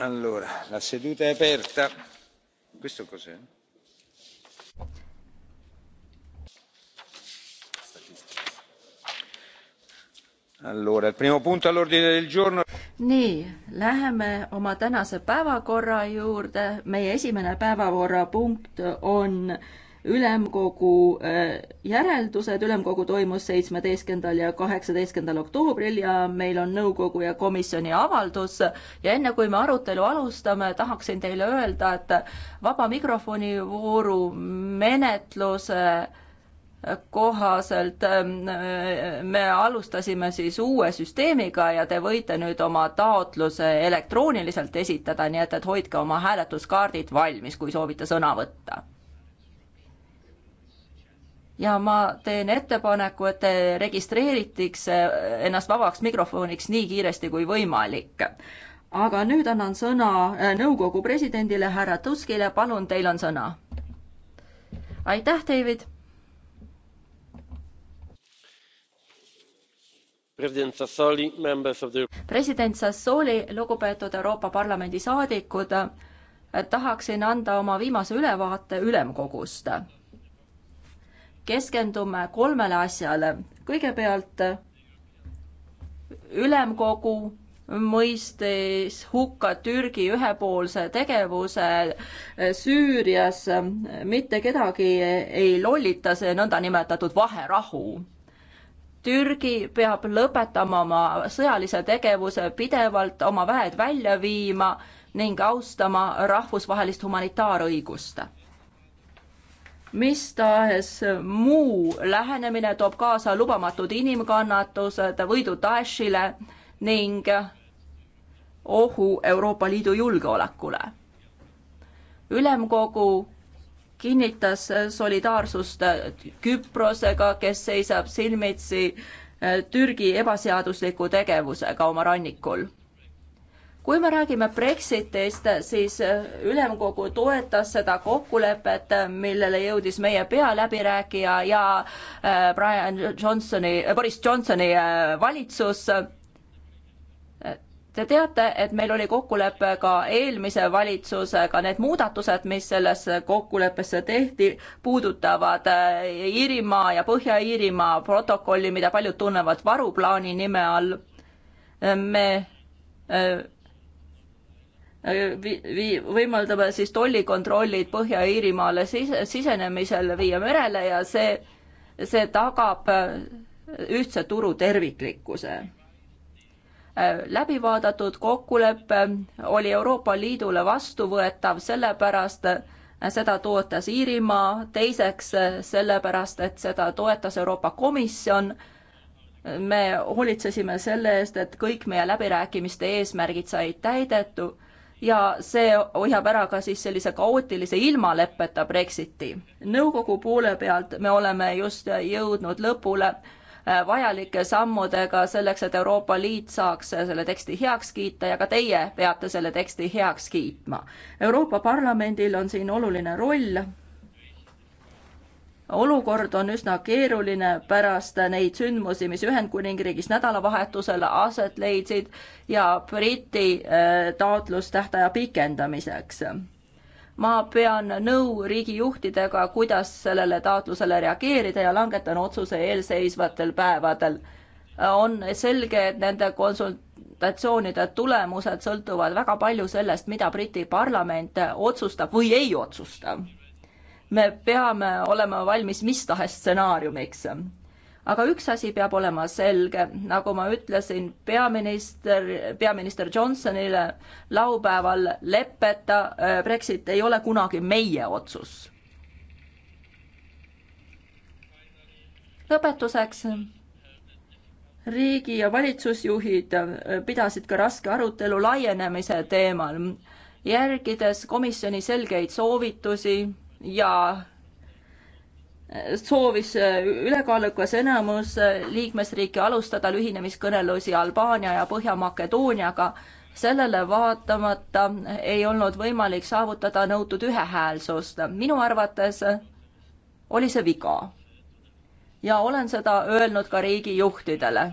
Allora, la seduta è aperta. Questo cos'è? Allora, il primo punto all'ordine del giorno. nii, läheme oma tänase päevakorra juurde. meie esimene päevakorrapunkt on ülemkogu äh, järeldused, ülemkogu toimus seitsmeteistkümnendal ja kaheksateistkümnendal oktoobril ja meil on nõukogu ja komisjoni avaldus ja enne kui me arutelu alustame, tahaksin teile öelda, et vaba mikrofoni vooru menetluse kohaselt äh, me alustasime siis uue süsteemiga ja te võite nüüd oma taotluse elektrooniliselt esitada, nii et, et hoidke oma hääletuskaardid valmis, kui soovite sõna võtta ja ma teen ettepaneku, et te registreeritiks ennast vabaks mikrofoniks nii kiiresti kui võimalik. aga nüüd annan sõna äh, nõukogu presidendile härra Tuskile, palun, teil on sõna. aitäh, David. president Sassoli, the... president Sassoli, lugupeetud Euroopa Parlamendi saadikud, tahaksin anda oma viimase ülevaate ülemkogust keskendume kolmele asjale. kõigepealt ülemkogu mõistes hukka Türgi ühepoolse tegevuse Süürias, mitte kedagi ei lollita see nõndanimetatud vaherahu. Türgi peab lõpetama oma sõjalise tegevuse, pidevalt oma väed välja viima ning austama rahvusvahelist humanitaarõigust mis tahes muu lähenemine toob kaasa lubamatud inimkannatused, võidu Daeshile ning ohu Euroopa Liidu julgeolekule. ülemkogu kinnitas solidaarsust Küprosega, kes seisab silmitsi Türgi ebaseadusliku tegevusega oma rannikul kui me räägime Brexitist, siis äh, ülemkogu toetas seda kokkulepet, millele jõudis meie pealäbirääkija ja äh, Brian Johnsoni, äh, Boris Johnsoni valitsus. Te teate, et meil oli kokkulepe ka eelmise valitsusega, need muudatused, mis sellesse kokkuleppesse tehti, puudutavad Iirimaa ja Põhja-Iirimaa protokolli, mida paljud tunnevad varuplaani nime all. me Äh, vi-, vi-, võimaldame siis tollikontrollid Põhja-Iirimaale sise, sisenemisel viia merele ja see, see tagab äh, ühtse turu terviklikkuse. Äh, läbivaadatud kokkulepe oli Euroopa Liidule vastuvõetav sellepärast, seda toetas Iirimaa, teiseks sellepärast, et seda toetas Euroopa Komisjon me hoolitsesime selle eest, et kõik meie läbirääkimiste eesmärgid said täidetu ja see hoiab ära ka siis sellise kaootilise ilmaleppeta Brexiti. nõukogu poole pealt me oleme just jõudnud lõpule äh, vajalike sammudega selleks, et Euroopa Liit saaks selle teksti heaks kiita ja ka teie peate selle teksti heaks kiitma. Euroopa Parlamendil on siin oluline roll olukord on üsna keeruline pärast neid sündmusi, mis Ühendkuningriigis nädalavahetusel aset leidsid ja Briti äh, taotlus tähtaja pikendamiseks. ma pean nõu riigijuhtidega, kuidas sellele taotlusele reageerida ja langetan otsuse eelseisvatel päevadel. on selge, et nende konsult-, konsultatsioonide tulemused sõltuvad väga palju sellest, mida Briti parlament otsustab või ei otsusta me peame olema valmis mis tahes stsenaariumiks. aga üks asi peab olema selge, nagu ma ütlesin peaminister, peaminister Johnsonile laupäeval, leppeta äh, Brexit ei ole kunagi meie otsus. lõpetuseks riigi ja valitsusjuhid äh, pidasid ka raske arutelu laienemise teemal, järgides komisjoni selgeid soovitusi ja soovis äh, ülekaalukas enamus äh, liikmesriike alustada ühinemiskõnelusi Albaania ja Põhja-Makedooniaga. sellele vaatamata ei olnud võimalik saavutada nõutud ühehäälsust. minu arvates oli see viga. ja olen seda öelnud ka riigijuhtidele.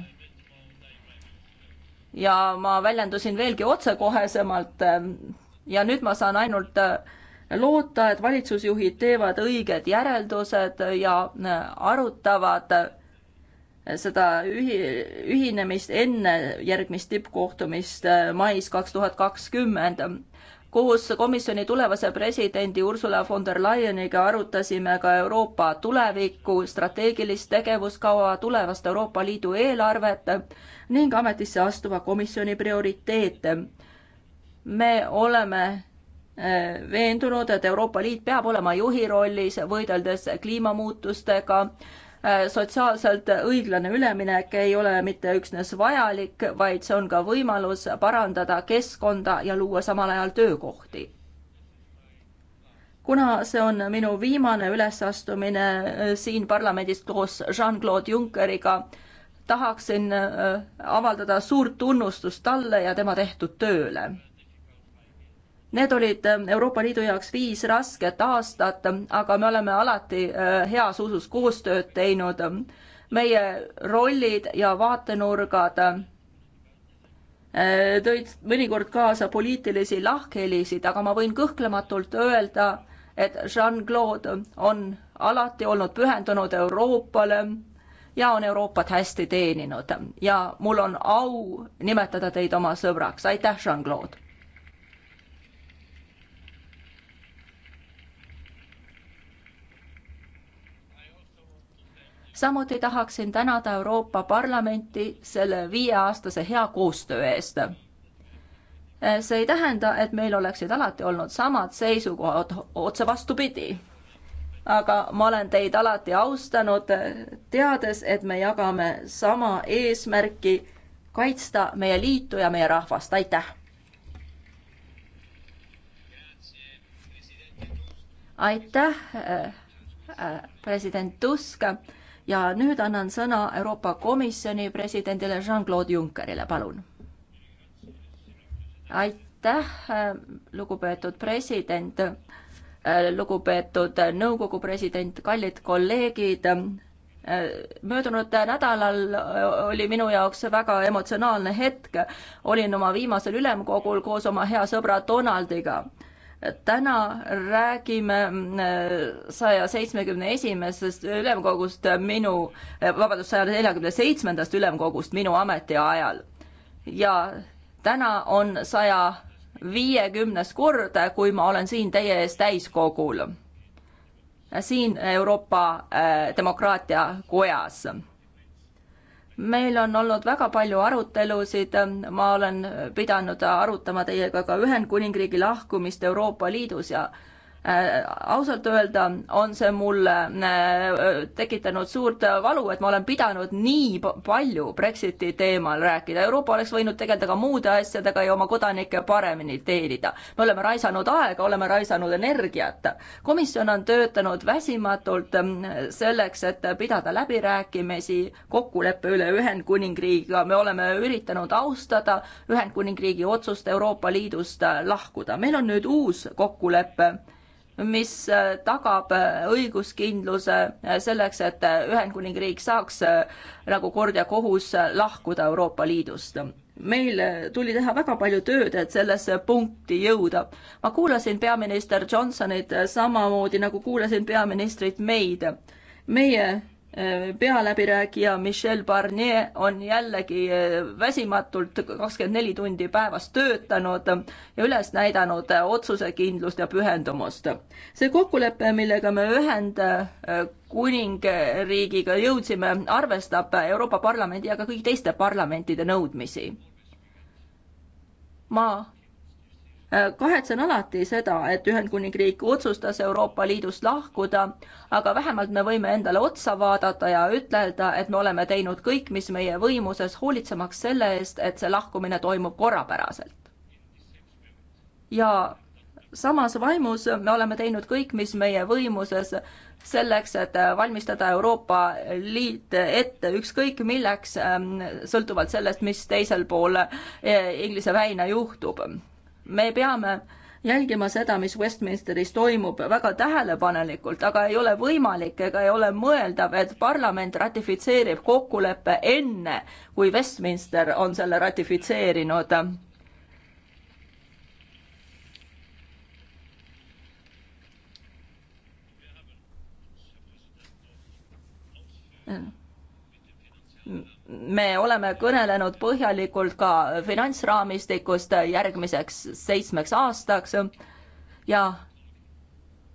ja ma väljendusin veelgi otsekohesemalt ähm, ja nüüd ma saan ainult äh, loota, et valitsusjuhid teevad õiged järeldused ja äh, arutavad äh, seda ühi-, ühinemist enne järgmist tippkohtumist äh, mais kaks tuhat kakskümmend. koos komisjoni tulevase presidendi Ursula von der Leyeniga arutasime ka Euroopa tulevikku, strateegilist tegevuskava, tulevast Euroopa Liidu eelarvet ning ametisse astuva komisjoni prioriteete. me oleme veendunud, et Euroopa Liit peab olema juhi rollis, võideldes kliimamuutustega. sotsiaalselt õiglane üleminek ei ole mitte üksnes vajalik, vaid see on ka võimalus parandada keskkonda ja luua samal ajal töökohti kuna see on minu viimane ülesastumine äh, siin parlamendis koos Jean-Claude Junckeriga, tahaksin äh, avaldada suurt tunnustust talle ja tema tehtud tööle Need olid ähm, Euroopa Liidu jaoks viis rasket aastat, ähm, aga me oleme alati äh, heas usus koostööd teinud. Ähm, meie rollid ja vaatenurgad äh, tõid mõnikord kaasa poliitilisi lahkhelisid, aga ma võin kõhklematult öelda, et Jean-Claude on alati olnud pühendunud Euroopale ja on Euroopat hästi teeninud ja mul on au nimetada teid oma sõbraks, aitäh, Jean-Claude! samuti tahaksin tänada Euroopa Parlamenti selle viieaastase hea koostöö eest see ei tähenda, et meil oleksid alati olnud samad seisukohad, otse vastupidi. aga ma olen teid alati austanud, teades, et me jagame sama eesmärki kaitsta meie liitu ja meie rahvast, aitäh. aitäh, president Tusk ja nüüd annan sõna Euroopa Komisjoni presidendile Jean-Claude Junckerile, palun. aitäh, lugupeetud president, lugupeetud nõukogu president, kallid kolleegid möödunud nädalal oli minu jaoks väga emotsionaalne hetk. olin oma viimasel ülemkogul koos oma hea sõbra Donaldiga täna räägime mm, äh, saja seitsmekümne esimesest ülemkogust minu, äh, vabandust, saja neljakümne seitsmendast ülemkogust minu ametiajal. ja täna on saja viiekümnes kord, kui ma olen siin teie ees täiskogul. siin Euroopa äh, Demokraatia Kojas meil on olnud väga palju arutelusid, ma olen pidanud arutama teiega ka Ühendkuningriigi lahkumist Euroopa Liidus ja Äh, ausalt öelda on see mulle äh, tekitanud suurt valu, et ma olen pidanud nii palju Brexiti teemal rääkida. Euroopa oleks võinud tegeleda ka muude asjadega ja oma kodanikke paremini teenida. me oleme raisanud aega, oleme raisanud energiat. komisjon on töötanud väsimatult mm, selleks, et pidada läbirääkimisi kokkuleppe üle Ühendkuningriigiga. me oleme üritanud austada Ühendkuningriigi otsust Euroopa Liidust lahkuda. meil on nüüd uus kokkulepe mis äh, tagab äh, õiguskindluse äh, selleks, et Ühendkuningriik saaks nagu kord ja kohus lahkuda Euroopa Liidust. meil tuli teha väga palju tööd, et sellesse punkti jõuda. ma kuulasin peaminister Johnsonit samamoodi nagu kuulasin peaministrit May'd. meie pealäbirääkija Michel Barnier on jällegi eh, väsimatult kakskümmend neli tundi päevas töötanud ja üles näidanud eh, otsusekindlust ja pühendumust. see kokkulepe, millega me Ühendkuningriigiga eh, jõudsime, arvestab Euroopa Parlamendi ja ka kõigi teiste parlamentide nõudmisi. ma kahetsen alati seda, et Ühendkuningriik otsustas Euroopa Liidust lahkuda, aga vähemalt me võime endale otsa vaadata ja ütelda, et me oleme teinud kõik, mis meie võimuses, hoolitsemaks selle eest, et see lahkumine toimub korrapäraselt. ja samas vaimus me oleme teinud kõik, mis meie võimuses, selleks, et valmistada Euroopa Liit ette ükskõik milleks, ähm, sõltuvalt sellest, mis teisel pool äh, Inglise väina juhtub me peame jälgima seda, mis Westminsteris toimub, väga tähelepanelikult, aga ei ole võimalik ega ei ole mõeldav, et parlament ratifitseerib kokkuleppe enne, kui Westminster on selle ratifitseerinud. Mm me oleme kõnelenud põhjalikult ka finantsraamistikust järgmiseks seitsmeks aastaks ja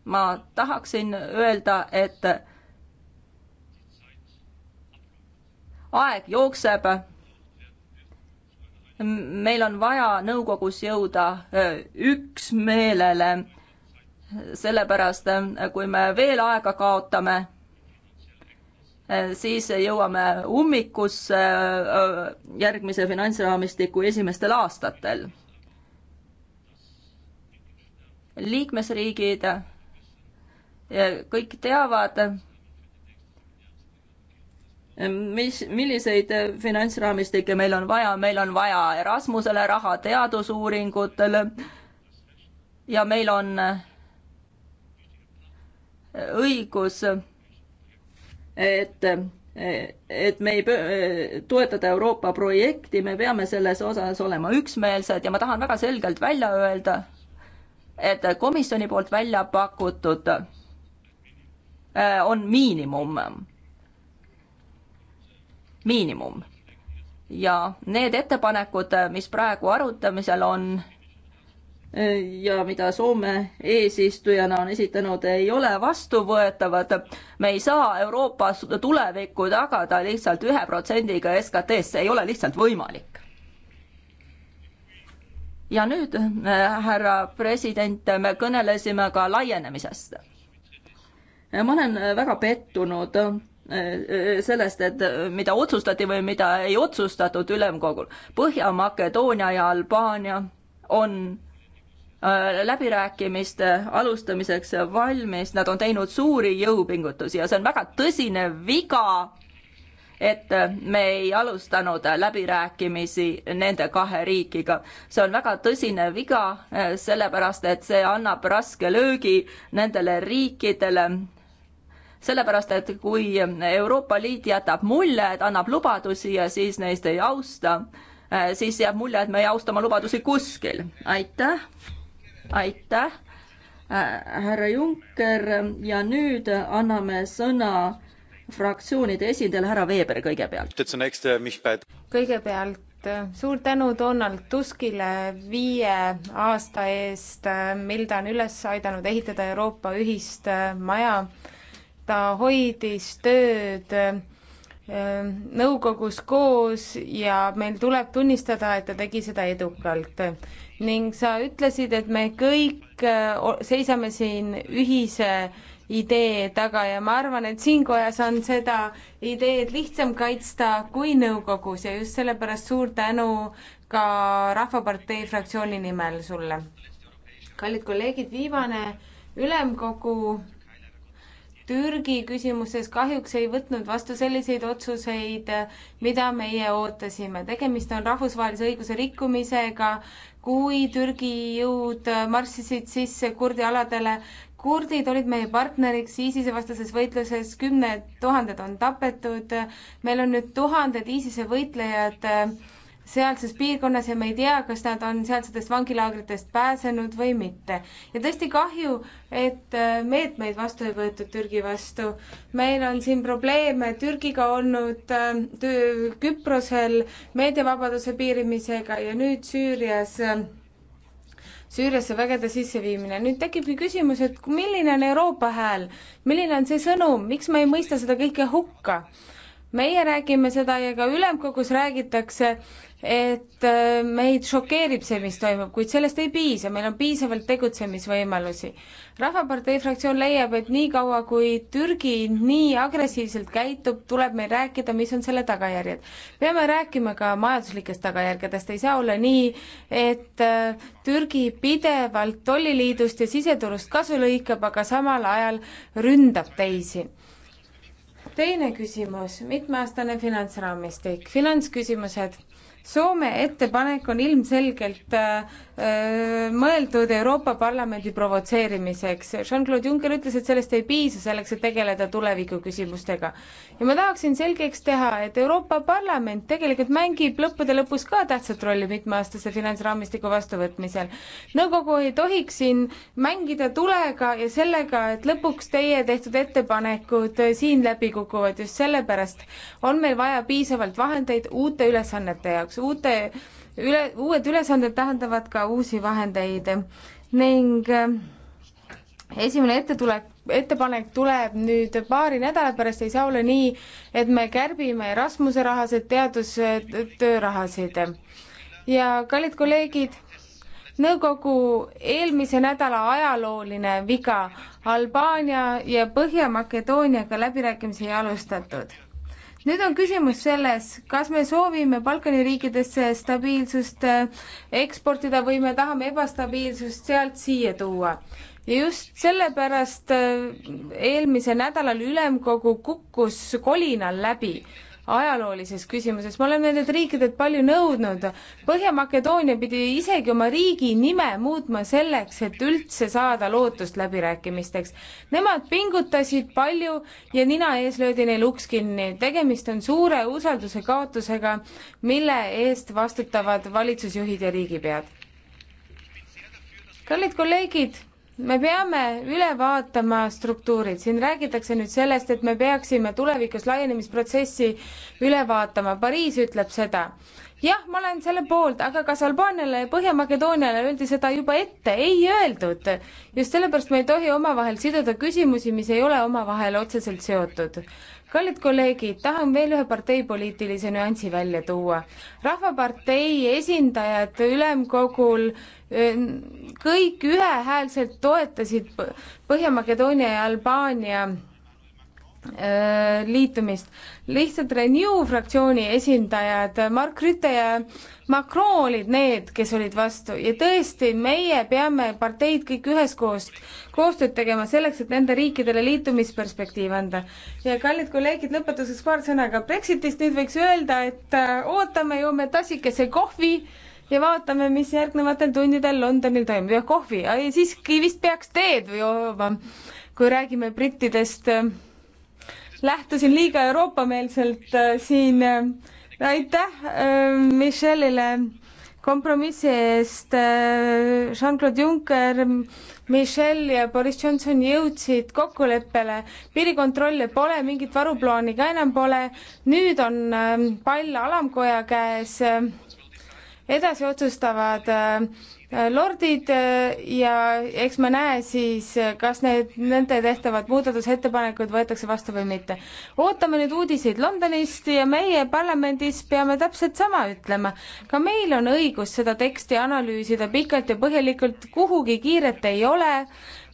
ma tahaksin öelda, et aeg jookseb. meil on vaja nõukogus jõuda üksmeelele, sellepärast kui me veel aega kaotame Eh, siis jõuame ummikusse eh, järgmise finantsraamistiku esimestel aastatel. liikmesriigid eh, kõik teavad, mis, milliseid finantsraamistikke meil on vaja, meil on vaja Erasmusele raha, teadusuuringutele ja meil on õigus et et me ei toetada Euroopa projekti, me peame selles osas olema üksmeelsed ja ma tahan väga selgelt välja öelda, et komisjoni poolt välja pakutud on miinimum. miinimum ja need ettepanekud, mis praegu arutamisel on, ja mida Soome eesistujana on esitanud, ei ole vastuvõetavad. me ei saa Euroopas tulevikku tagada lihtsalt ühe protsendiga SKT-st, see ei ole lihtsalt võimalik. ja nüüd, härra president, me kõnelesime ka laienemisest. ma olen väga pettunud eh, eh, sellest, et mida otsustati või mida ei otsustatud ülemkogul. Põhja-Makedoonia ja Albaania on Äh, läbirääkimiste alustamiseks valmis, nad on teinud suuri jõupingutusi ja see on väga tõsine viga, et me ei alustanud läbirääkimisi nende kahe riigiga. see on väga tõsine viga, äh, sellepärast et see annab raske löögi nendele riikidele, sellepärast et kui Euroopa Liit jätab mulje, et annab lubadusi ja siis neist ei austa, äh, siis jääb mulje, et me ei austa oma lubadusi kuskil. aitäh! aitäh, äh, härra Juncker ja nüüd anname sõna fraktsioonide esindajale, härra Veeber kõigepealt. Äh, kõigepealt äh, suur tänu Donald Tuskile viie aasta eest, mil ta on üles aidanud ehitada Euroopa ühist maja. ta hoidis tööd Ehm, nõukogus koos ja meil tuleb tunnistada, et ta tegi seda edukalt. ning sa ütlesid, et me kõik eh, seisame siin ühise idee taga ja ma arvan, et siin kojas on seda ideed lihtsam kaitsta kui nõukogus ja just sellepärast suur tänu ka Rahvapartei fraktsiooni nimel sulle. kallid kolleegid, viimane ülemkogu Türgi küsimuses kahjuks ei võtnud vastu selliseid otsuseid, mida meie ootasime. tegemist on rahvusvahelise õiguse rikkumisega, kui Türgi jõud marssisid sisse kurdi aladele. kurdid olid meie partneriks ISISe vastases võitluses, kümned tuhanded on tapetud. meil on nüüd tuhanded ISISe võitlejad sealses piirkonnas ja me ei tea, kas nad on sealsetest vangilaagritest pääsenud või mitte. ja tõesti kahju, et äh, meetmeid vastu ei võetud Türgi vastu. meil on siin probleeme Türgiga olnud äh, Küprosel meediavabaduse piirimisega ja nüüd Süürias äh, Süüriasse vägede sisseviimine. nüüd tekibki küsimus, et milline on Euroopa hääl, milline on see sõnum, miks me ei mõista seda kõike hukka? meie räägime seda ja ka ülemkogus räägitakse, et äh, meid šokeerib see, mis toimub, kuid sellest ei piisa, meil on piisavalt tegutsemisvõimalusi. rahvapartei fraktsioon leiab, et niikaua, kui Türgi nii agressiivselt käitub, tuleb meil rääkida, mis on selle tagajärjed. peame rääkima ka majanduslikest tagajärgedest, ei saa olla nii, et äh, Türgi pidevalt tolliliidust ja siseturust kasu lõikab, aga samal ajal ründab teisi teine küsimus, mitmeaastane finantsraamistik, finantsküsimused Soome ettepanek on ilmselgelt äh, Äh, mõeldud Euroopa Parlamendi provotseerimiseks. Jean-Claude Juncker ütles, et sellest ei piisa selleks, et tegeleda tulevikuküsimustega. ja ma tahaksin selgeks teha, et Euroopa Parlament tegelikult mängib lõppude lõpus ka tähtsat rolli mitmeaastase finantsraamistiku vastuvõtmisel. nõukogu ei tohiks siin mängida tulega ja sellega, et lõpuks teie tehtud ettepanekud siin läbi kukuvad, just sellepärast on meil vaja piisavalt vahendeid uute ülesannete jaoks, uute üle, uued ülesanded tähendavad ka uusi vahendeid ning äh, esimene ettetulek, ettepanek tuleb nüüd paari nädala pärast, ei saa olla nii, et me kärbime Erasmuse rahasid, teadustöö rahasid. ja kallid kolleegid, nõukogu eelmise nädala ajalooline viga Albaania ja Põhja-Makedooniaga läbirääkimisi ei alustatud nüüd on küsimus selles, kas me soovime Balkani riikidesse stabiilsust äh, eksportida või me tahame ebastabiilsust sealt siia tuua. ja just sellepärast äh, eelmisel nädalal ülemkogu kukkus kolinal läbi ajaloolises küsimuses, me oleme nendelt riikidelt palju nõudnud. Põhja-Makedoonia pidi isegi oma riigi nime muutma selleks, et üldse saada lootust läbirääkimisteks. Nemad pingutasid palju ja nina ees löödi neil uks kinni. tegemist on suure usalduse kaotusega, mille eest vastutavad valitsusjuhid ja riigipead. kallid kolleegid me peame üle vaatama struktuurid, siin räägitakse nüüd sellest, et me peaksime tulevikus laienemisprotsessi üle vaatama, Pariis ütleb seda. jah, ma olen selle poolt, aga kas Albaaniale ja Põhja-Makedooniale öeldi seda juba ette, ei öeldud. just sellepärast me ei tohi omavahel siduda küsimusi, mis ei ole omavahel otseselt seotud kallid kolleegid, tahan veel ühe parteipoliitilise nüansi välja tuua. rahvapartei esindajad ülemkogul kõik ühehäälselt toetasid Põhja-Makedoonia ja Albaania äh, liitumist. lihtsalt Renew fraktsiooni esindajad, Mark Rüte ja Macron olid need, kes olid vastu ja tõesti, meie peame parteid kõik üheskoos koostööd tegema selleks, et nende riikidele liitumisperspektiiv anda. ja kallid kolleegid, lõpetuseks paar sõna ka Brexitist, nüüd võiks öelda, et äh, ootame, joome tassikese kohvi ja vaatame, mis järgnevatel tundidel Londonil toimub ja kohvi, siiski vist peaks teed jooma, kui räägime brittidest. lähtusin liiga euroopameelselt äh, siin. Äh, aitäh äh, Michelle'ile kompromissi eest. Jean-Claude Juncker, Michel ja Boris Johnson jõudsid kokkuleppele, piirikontrolle pole, mingit varuplaani ka enam pole, nüüd on pall alamkoja käes edasi otsustavad äh, lordid äh, ja eks me näe siis, kas need, nende tehtavad muudatusettepanekud võetakse vastu või mitte. ootame nüüd uudiseid Londonist ja meie parlamendis peame täpselt sama ütlema. ka meil on õigus seda teksti analüüsida pikalt ja põhjalikult, kuhugi kiiret ei ole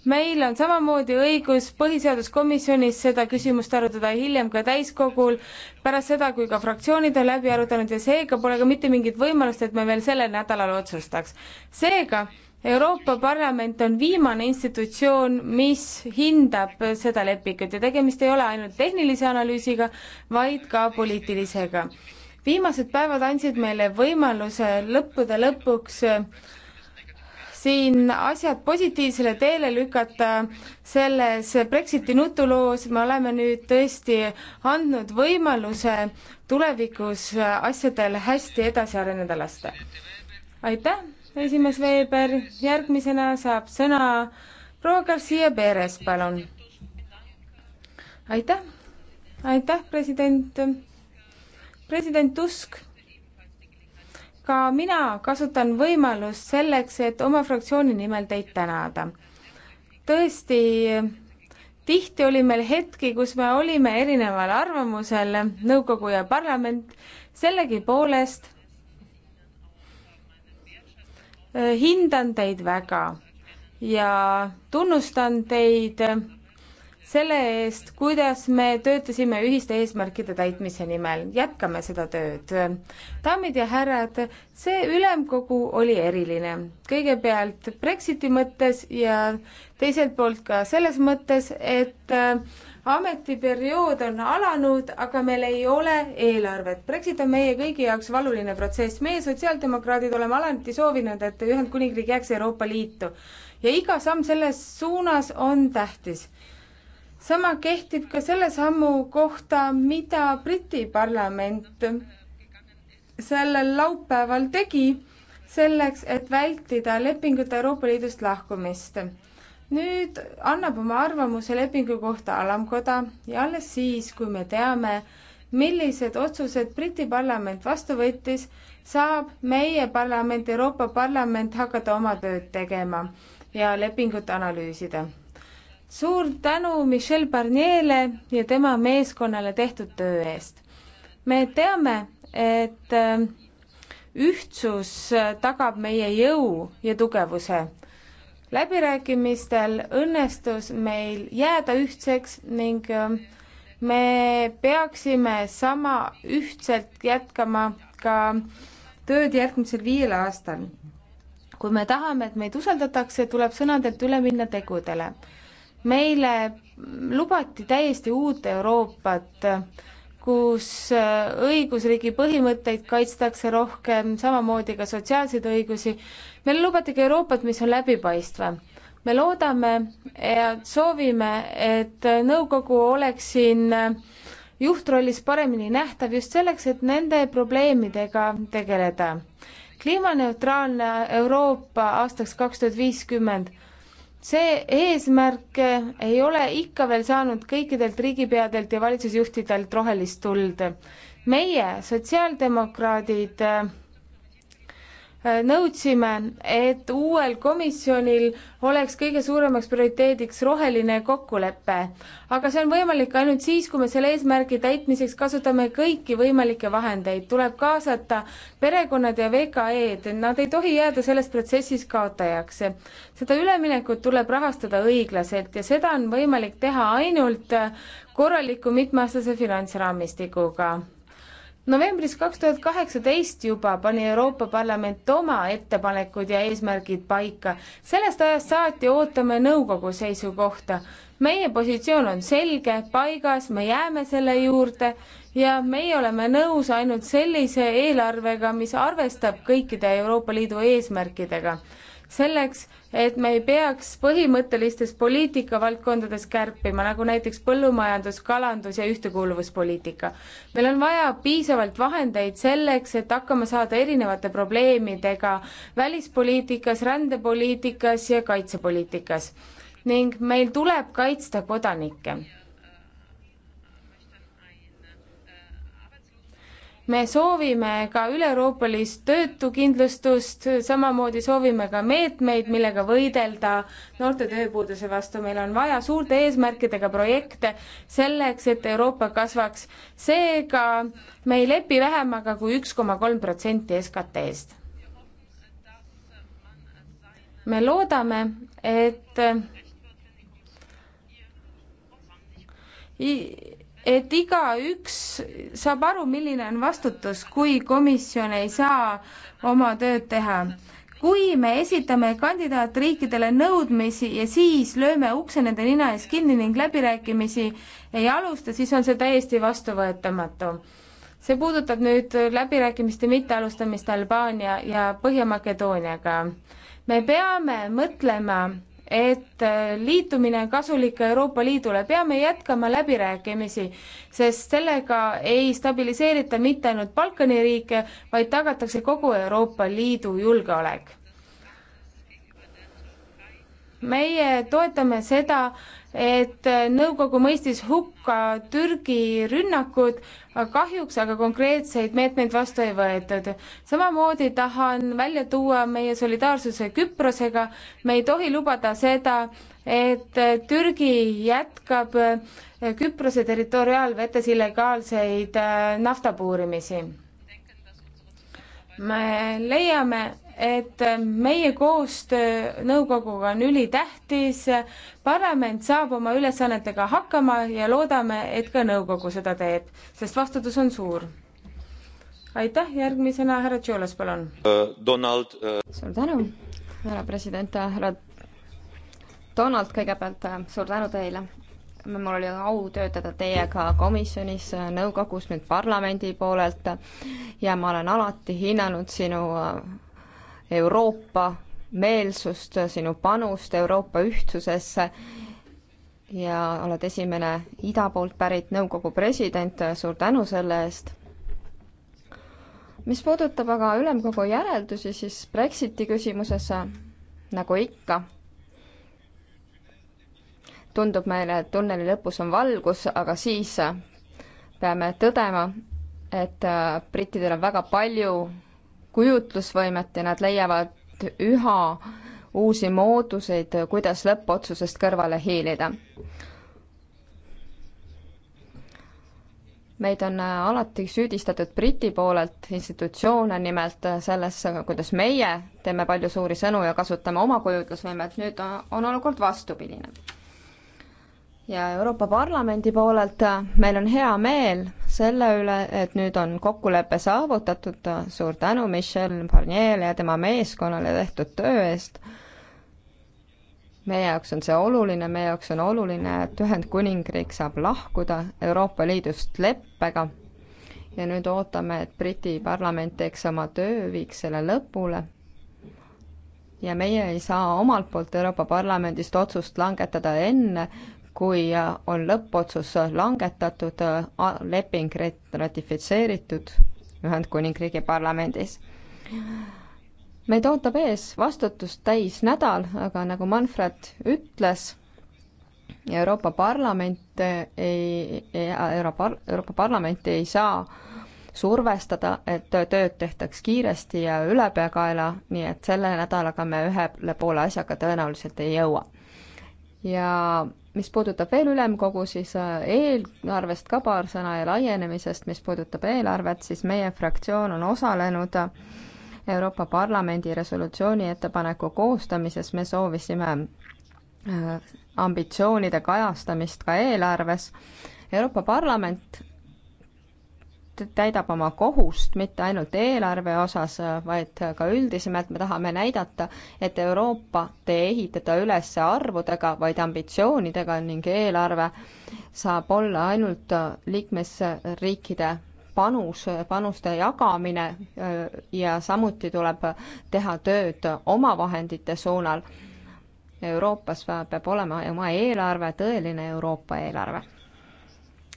meil on samamoodi õigus põhiseaduskomisjonis seda küsimust arutada hiljem ka täiskogul, pärast seda, kui ka fraktsioonid on läbi arutanud ja seega pole ka mitte mingit võimalust, et me veel sellel nädalal otsustaks. seega Euroopa Parlament on viimane institutsioon, mis hindab seda lepingut ja tegemist ei ole ainult tehnilise analüüsiga, vaid ka poliitilisega. viimased päevad andsid meile võimaluse lõppude lõpuks siin asjad positiivsele teele lükata selles Brexiti nutuloos, me oleme nüüd tõesti andnud võimaluse tulevikus asjadel hästi edasi areneda lasta. aitäh, esimees Veeber, järgmisena saab sõna proua Garcia Perez, palun. aitäh, aitäh, president, president Tusk ka mina kasutan võimalust selleks, et oma fraktsiooni nimel teid tänada. tõesti, tihti oli meil hetki, kus me olime erineval arvamusel, nõukogu ja parlament, sellegipoolest eh, hindan teid väga ja tunnustan teid selle eest, kuidas me töötasime ühiste eesmärkide täitmise nimel. jätkame seda tööd. daamid ja härrad, see ülemkogu oli eriline. kõigepealt Brexiti mõttes ja teiselt poolt ka selles mõttes, et äh, ametiperiood on alanud, aga meil ei ole eelarvet. Brexit on meie kõigi jaoks valuline protsess. meie, sotsiaaldemokraadid, oleme alati soovinud, et Ühendkuningriik jääks Euroopa Liitu ja iga samm selles suunas on tähtis sama kehtib ka selle sammu kohta, mida Briti parlament sellel laupäeval tegi selleks, et vältida lepingut Euroopa Liidust lahkumist. nüüd annab oma arvamuse lepingu kohta alamkoda ja alles siis, kui me teame, millised otsused Briti parlament vastu võttis, saab meie parlament, Euroopa Parlament hakata oma tööd tegema ja lepingut analüüsida suur tänu Michel Barnier'le ja tema meeskonnale tehtud töö eest. me teame, et äh, ühtsus äh, tagab meie jõu ja tugevuse. läbirääkimistel õnnestus meil jääda ühtseks ning äh, me peaksime sama ühtselt jätkama ka tööd järgmisel viiel aastal. kui me tahame, et meid usaldatakse, tuleb sõnadelt üle minna tegudele meile lubati täiesti uut Euroopat, kus õigusriigi põhimõtteid kaitstakse rohkem, samamoodi ka sotsiaalseid õigusi. meile lubati ka Euroopat, mis on läbipaistvam. me loodame ja soovime, et nõukogu oleks siin juhtrollis paremini nähtav just selleks, et nende probleemidega tegeleda. kliimaneutraalne Euroopa aastaks kaks tuhat viiskümmend see eesmärk ei ole ikka veel saanud kõikidelt riigipeadelt ja valitsusjuhtidelt rohelist tuld. meie, sotsiaaldemokraadid, Äh, nõudsime, et uuel komisjonil oleks kõige suuremaks prioriteediks roheline kokkulepe. aga see on võimalik ainult siis, kui me selle eesmärgi täitmiseks kasutame kõiki võimalikke vahendeid, tuleb kaasata perekonnad ja VKE-d, nad ei tohi jääda selles protsessis kaotajaks. seda üleminekut tuleb rahastada õiglaselt ja seda on võimalik teha ainult korraliku mitmeaastase finantsraamistikuga novembris kaks tuhat kaheksateist juba pani Euroopa Parlament oma ettepanekud ja eesmärgid paika. sellest ajast saati ootame nõukogu seisukohta. meie positsioon on selge, paigas, me jääme selle juurde ja meie oleme nõus ainult sellise eelarvega, mis arvestab kõikide Euroopa Liidu eesmärkidega selleks, et me ei peaks põhimõttelistes poliitikavaldkondades kärpima, nagu näiteks põllumajandus, kalandus ja ühtekuuluvuspoliitika. meil on vaja piisavalt vahendeid selleks, et hakkama saada erinevate probleemidega välispoliitikas, rändepoliitikas ja kaitsepoliitikas ning meil tuleb kaitsta kodanikke me soovime ka üleeuroopalist töötukindlustust, samamoodi soovime ka meetmeid, millega võidelda noorte tööpuuduse vastu. meil on vaja suurte eesmärkidega projekte selleks, et Euroopa kasvaks. seega me ei lepi vähemaga kui üks koma kolm protsenti SKT-st. me loodame, et I et igaüks saab aru, milline on vastutus, kui komisjon ei saa oma tööd teha. kui me esitame kandidaatriikidele nõudmisi ja siis lööme ukse nende nina ees kinni ning läbirääkimisi ei alusta, siis on see täiesti vastuvõetamatu. see puudutab nüüd läbirääkimiste mittealustamist Albaania ja Põhja-Makedooniaga. me peame mõtlema et liitumine on kasulik ka Euroopa Liidule, peame jätkama läbirääkimisi, sest sellega ei stabiliseerita mitte ainult Balkani riike, vaid tagatakse kogu Euroopa Liidu julgeolek meie toetame seda, et nõukogu mõistis hukka Türgi rünnakud, kahjuks aga konkreetseid meetmeid vastu ei võetud. samamoodi tahan välja tuua meie solidaarsuse Küprosega, me ei tohi lubada seda, et Türgi jätkab Küprose territoriaalvetes illegaalseid äh, naftapuurimisi. me leiame, et meie koostöö nõukoguga on ülitähtis, parlament saab oma ülesannetega hakkama ja loodame, et ka nõukogu seda teeb, sest vastutus on suur. aitäh, järgmisena härra Tšolos, palun uh,. Donald uh.... suur tänu, härra president, äh, härra Donald, kõigepealt suur tänu teile mul oli au töötada teiega komisjonis, nõukogus, nüüd parlamendi poolelt ja ma olen alati hinnanud sinu Euroopa meelsust, sinu panust Euroopa ühtsusesse ja oled esimene ida poolt pärit nõukogu president, suur tänu selle eest. mis puudutab aga ülemkogu järeldusi, siis Brexiti küsimuses, nagu ikka, tundub meile, et tunneli lõpus on valgus, aga siis peame tõdema, et brittidel on väga palju kujutlusvõimet ja nad leiavad üha uusi mooduseid, kuidas lõppotsusest kõrvale hiilida. meid on alati süüdistatud Briti poolelt, institutsioone nimelt, sellesse, kuidas meie teeme palju suuri sõnu ja kasutame oma kujutlusvõimet, nüüd on olukord vastupidine ja Euroopa Parlamendi poolelt äh, meil on hea meel selle üle, et nüüd on kokkulepe saavutatud, suur tänu Michel Barnier'le ja tema meeskonnale tehtud töö eest. meie jaoks on see oluline, meie jaoks on oluline, et Ühendkuningriik saab lahkuda Euroopa Liidust leppega ja nüüd ootame, et Briti parlament teeks oma töö, viiks selle lõpule ja meie ei saa omalt poolt Euroopa Parlamendist otsust langetada enne, kui äh, on lõppotsus äh, langetatud, äh, leping ratifitseeritud Ühendkuningriigi parlamendis. meid ootab ees vastutust täis nädal, aga nagu Manfred ütles, Euroopa Parlament ei, Euroopa, Euroopa Parlamenti ei saa survestada, et tööd tehtaks kiiresti ja ülepeakaela, nii et selle nädalaga me ühele poole asjaga tõenäoliselt ei jõua. ja mis puudutab veel ülemkogu, siis äh, eelarvest ka paar sõna ja laienemisest, mis puudutab eelarvet, siis meie fraktsioon on osalenud äh, Euroopa Parlamendi resolutsiooni ettepaneku koostamises, me soovisime äh, ambitsioonide kajastamist ka eelarves. Euroopa Parlament täidab oma kohust mitte ainult eelarve osas, vaid ka üldisemalt me tahame näidata, et Euroopat ei ehitata üles arvudega, vaid ambitsioonidega ning eelarve saab olla ainult liikmesriikide panus, panuste jagamine ja samuti tuleb teha tööd omavahendite suunal. Euroopas peab olema oma eelarve, tõeline Euroopa eelarve.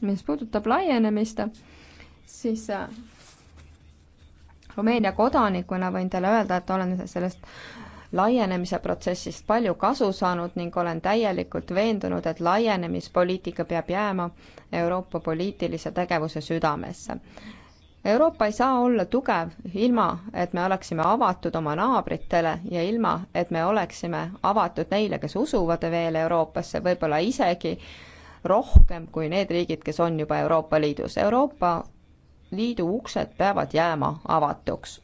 mis puudutab laienemist, siis äh, Rumeenia kodanikuna võin teile öelda, et olen sellest laienemise protsessist palju kasu saanud ning olen täielikult veendunud, et laienemispoliitika peab jääma Euroopa poliitilise tegevuse südamesse. Euroopa ei saa olla tugev ilma, et me oleksime avatud oma naabritele ja ilma, et me oleksime avatud neile, kes usuvad veel Euroopasse, võib-olla isegi rohkem kui need riigid, kes on juba Euroopa Liidus. Euroopa Liidu uksed peavad jääma avatuks.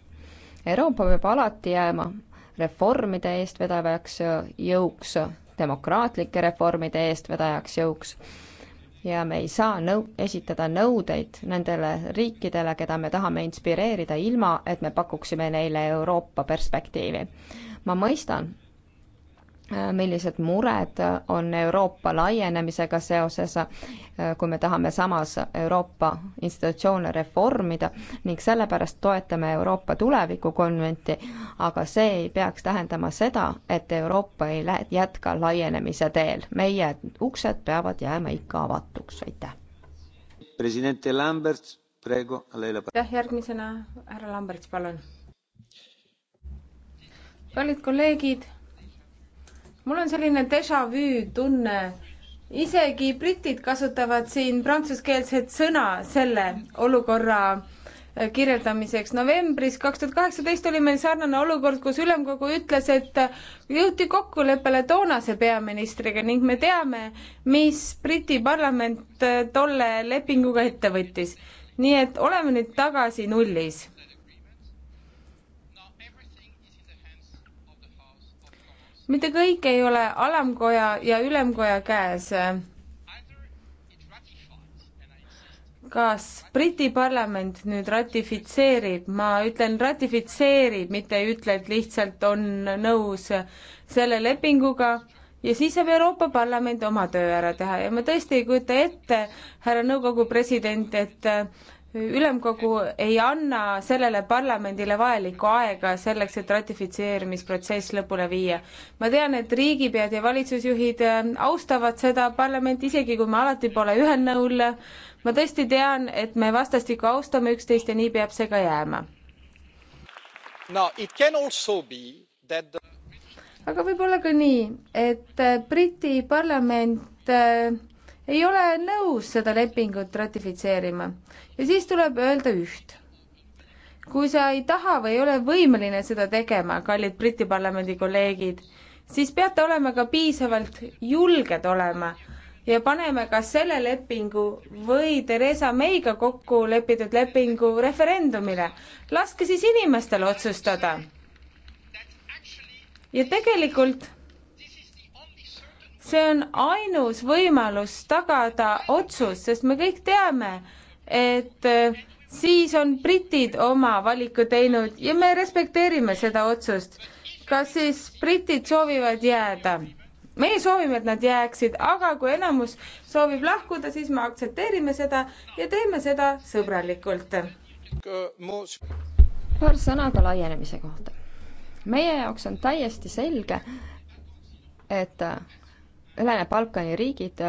Euroopa peab alati jääma reformide eestvedajaks jõuks, demokraatlike reformide eestvedajaks jõuks ja me ei saa nõu-, esitada nõudeid nendele riikidele, keda me tahame inspireerida, ilma et me pakuksime neile Euroopa perspektiivi. ma mõistan, Äh, millised mured on Euroopa laienemisega seoses, äh, kui me tahame samas Euroopa institutsioone reformida ning sellepärast toetame Euroopa tulevikukonventi, aga see ei peaks tähendama seda, et Euroopa ei lä-, jätka laienemise teel. meie uksed peavad jääma ikka avatuks, aitäh. president Lambert, praegu. jah, järgmisena härra Lambert, palun. kallid kolleegid mul on selline déjà vu tunne. isegi britid kasutavad siin prantsuskeelset sõna selle olukorra äh, kirjeldamiseks. novembris kaks tuhat kaheksateist oli meil sarnane olukord, kus ülemkogu ütles, et äh, jõuti kokkuleppele toonase peaministriga ning me teame, mis Briti parlament äh, tolle lepinguga ette võttis. nii et oleme nüüd tagasi nullis mitte kõik ei ole alamkoja ja ülemkoja käes. kas Briti parlament nüüd ratifitseerib, ma ütlen ratifitseerib, mitte ei ütle, et lihtsalt on nõus selle lepinguga ja siis saab Euroopa Parlament oma töö ära teha ja ma tõesti ei kujuta ette, härra nõukogu president, et ülemkogu ei anna sellele parlamendile vajalikku aega selleks, et ratifitseerimisprotsess lõpule viia. ma tean, et riigipead ja valitsusjuhid äh, austavad seda parlamenti, isegi kui me alati pole ühel nõul. ma tõesti tean, et me vastastikku austame üksteist ja nii peab see ka jääma. The... aga võib olla ka nii, et äh, Briti parlament äh, ei ole nõus seda lepingut ratifitseerima ja siis tuleb öelda üht. kui sa ei taha või ei ole võimeline seda tegema, kallid Briti parlamendi kolleegid, siis peate olema ka piisavalt julged olema ja paneme kas selle lepingu või Theresa Mayga kokku lepitud lepingu referendumile. laske siis inimestel otsustada. ja tegelikult see on ainus võimalus tagada otsus, sest me kõik teame, et äh, siis on britid oma valiku teinud ja me respekteerime seda otsust. kas siis britid soovivad jääda? meie soovime, et nad jääksid, aga kui enamus soovib lahkuda, siis me aktsepteerime seda ja teeme seda sõbralikult. paar sõna ka laienemise kohta. meie jaoks on täiesti selge, et Lääne-Balkani riigid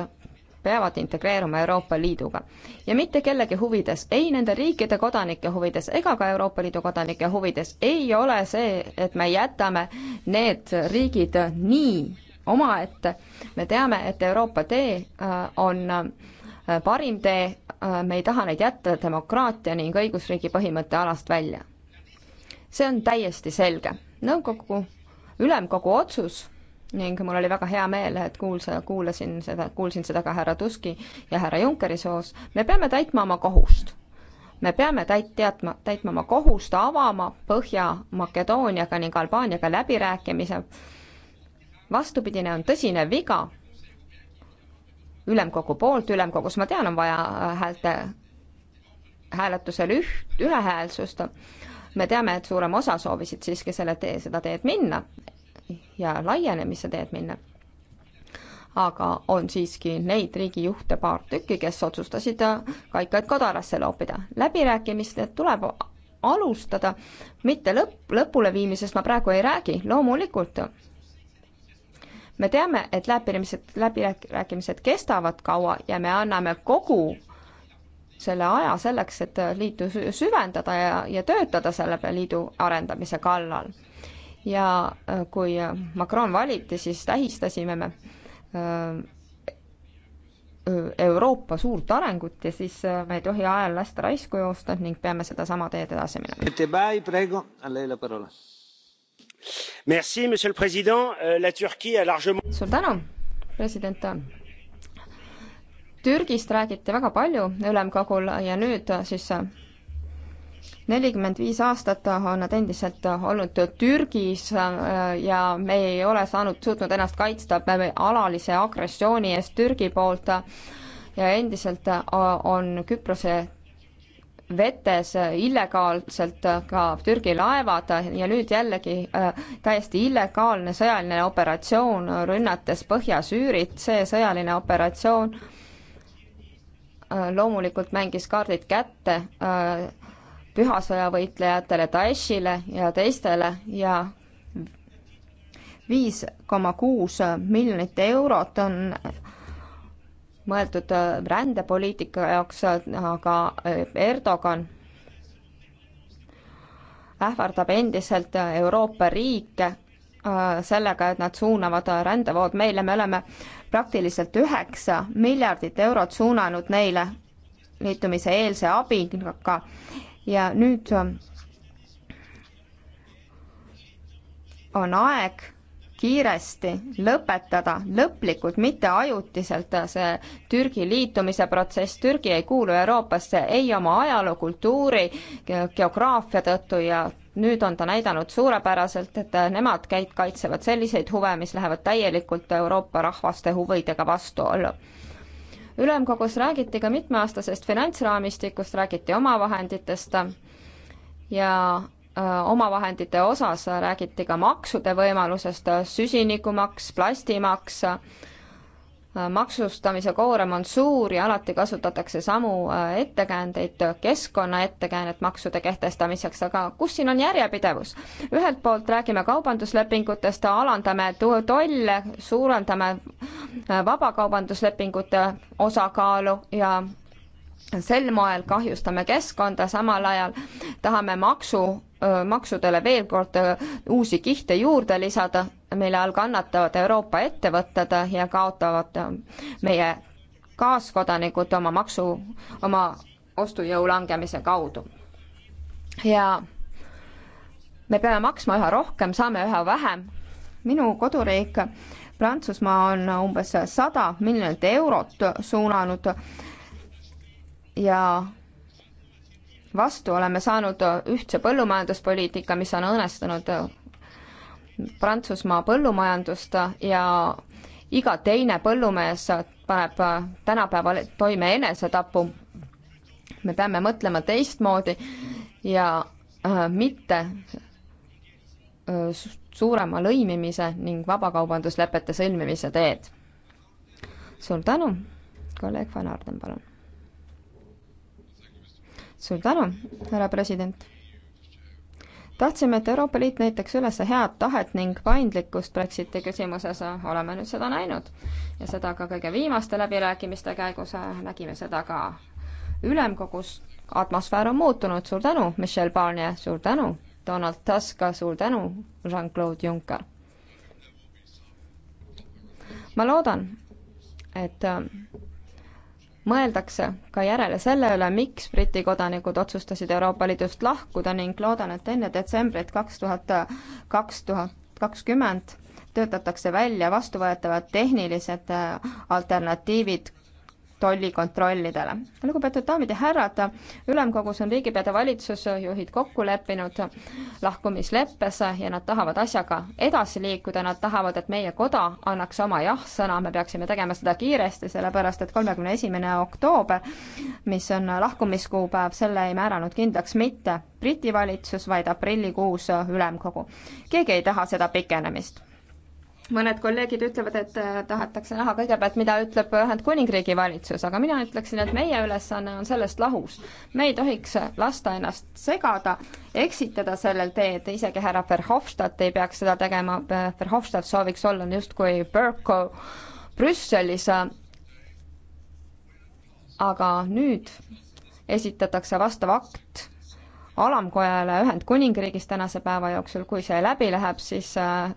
peavad integreeruma Euroopa Liiduga. ja mitte kellegi huvides, ei nende riikide kodanike huvides ega ka Euroopa Liidu kodanike huvides ei ole see, et me jätame need riigid nii omaette. me teame, et Euroopa tee äh, on äh, parim tee, äh, me ei taha neid jätta demokraatia ning õigusriigi põhimõtte alast välja. see on täiesti selge. nõukogu, ülemkogu otsus ning mul oli väga hea meel, et kuulsa, kuulasin seda, kuulsin seda ka härra Tuski ja härra Junckeri soos, me peame täitma oma kohust. me peame täit-, teadma, täitma oma kohust, avama Põhja-Makedooniaga ning Albaaniaga läbirääkimise. vastupidine on tõsine viga ülemkogu poolt, ülemkogus ma tean, on vaja häälte, hääletusel üht, ühehäälsust, me teame, et suurem osa soovisid siiski selle tee, seda teed minna ja laienemise teed minna. aga on siiski neid riigijuhte paar tükki, kes otsustasid kaikaid kodarasse loopida. läbirääkimistest tuleb alustada, mitte lõpp, lõpuleviimisest ma praegu ei räägi, loomulikult me teame, et läbirääkimised, läbirääkimised kestavad kaua ja me anname kogu selle aja selleks, et liitu süvendada ja, ja töötada selle liidu arendamise kallal ja äh, kui äh, Macron valiti, siis tähistasime me äh, Euroopa suurt arengut ja siis me ei tohi ajal lasta raisku joosta ning peame sedasama teed edasi minema. Monsieur le Président, euh, la Turquie a largement. suur tänu, president Tamm. Türgist räägiti väga palju ülemkogul ja nüüd siis nelikümmend viis aastat on nad endiselt olnud Türgis äh, ja me ei ole saanud, suutnud ennast kaitsta alalise agressiooni eest Türgi poolt ja endiselt äh, on Küprose vetes illegaalselt ka Türgi laevad ja nüüd jällegi äh, täiesti illegaalne sõjaline operatsioon, rünnates Põhja-Süürit, see sõjaline operatsioon loomulikult mängis kaardid kätte äh, pühasõjavõitlejatele Daeshile ja teistele ja viis koma kuus miljonit eurot on mõeldud rändepoliitika jaoks, aga Erdogan ähvardab endiselt Euroopa riike äh, sellega, et nad suunavad rändevood meile, me oleme praktiliselt üheksa miljardit eurot suunanud neile liitumise eelse abiga ja nüüd ähm, on aeg kiiresti lõpetada lõplikult, mitte ajutiselt äh, see Türgi liitumise protsess, Türgi ei kuulu Euroopasse ei oma ajaloo, kultuuri, geograafia tõttu ja nüüd on ta näidanud suurepäraselt, et äh, nemad käid, kaitsevad selliseid huve, mis lähevad täielikult Euroopa rahvaste huvidega vastuollu ülemkogus räägiti ka mitmeaastasest finantsraamistikust, räägiti omavahenditest ja omavahendite osas räägiti ka maksude võimalusest, süsinikumaks, plastimaks Äh, maksustamise koorem on suur ja alati kasutatakse samu äh, ettekäändeid, keskkonna ettekäänet maksude kehtestamiseks, aga kus siin on järjepidevus? ühelt poolt räägime kaubanduslepingutest, alandame tolle, suurendame äh, vabakaubanduslepingute osakaalu ja sel moel kahjustame keskkonda, samal ajal tahame maksu, maksudele veel kord uusi kihte juurde lisada, mille all kannatavad Euroopa ettevõtted ja kaotavad meie kaaskodanikud oma maksu, oma ostujõu langemise kaudu. ja me peame maksma üha rohkem, saame üha vähem. minu koduriik Prantsusmaa on umbes sada miljonit eurot suunanud äh, ja vastu oleme saanud ühtse põllumajanduspoliitika, mis on õõnestanud Prantsusmaa põllumajandust ja iga teine põllumees paneb tänapäeval toime enesetapu. me peame mõtlema teistmoodi ja äh, mitte äh, suurema lõimimise ning vabakaubanduslepete sõlmimise teed. suur tänu, kolleeg Van Arden, palun suur tänu, härra president! tahtsime, et Euroopa Liit näitaks üles head tahet ning paindlikkust Brexiti küsimuses, oleme nüüd seda näinud. ja seda ka kõige viimaste läbirääkimiste käigus, nägime seda ka ülemkogus, atmosfäär on muutunud, suur tänu, Michel Barnier, suur tänu, Donald Tusk, suur tänu, Jean-Claude Juncker. ma loodan, et mõeldakse ka järele selle üle, miks Briti kodanikud otsustasid Euroopa Liidust lahkuda ning loodan, et enne detsembrit kaks tuhat, kaks tuhat kakskümmend töötatakse välja vastuvõetavad tehnilised äh, alternatiivid tollikontrollidele. lugupeetud daamid ja härrad, ülemkogus on riigipeade valitsusjuhid kokku leppinud lahkumisleppes ja nad tahavad asjaga edasi liikuda, nad tahavad, et meie koda annaks oma jah-sõna, me peaksime tegema seda kiiresti, sellepärast et kolmekümne esimene oktoober, mis on lahkumiskuupäev, selle ei määranud kindlaks mitte Briti valitsus, vaid aprillikuus ülemkogu. keegi ei taha seda pikenemist mõned kolleegid ütlevad, et äh, tahetakse näha kõigepealt, mida ütleb Ühendkuningriigi valitsus, aga mina ütleksin, et meie ülesanne on sellest lahus. me ei tohiks lasta ennast segada, eksitada sellel teed, isegi härra Verhofstadt ei peaks seda tegema, Verhofstadt sooviks olla justkui Berko Brüsselis. aga nüüd esitatakse vastav akt alamkojale Ühendkuningriigis tänase päeva jooksul, kui see läbi läheb, siis äh,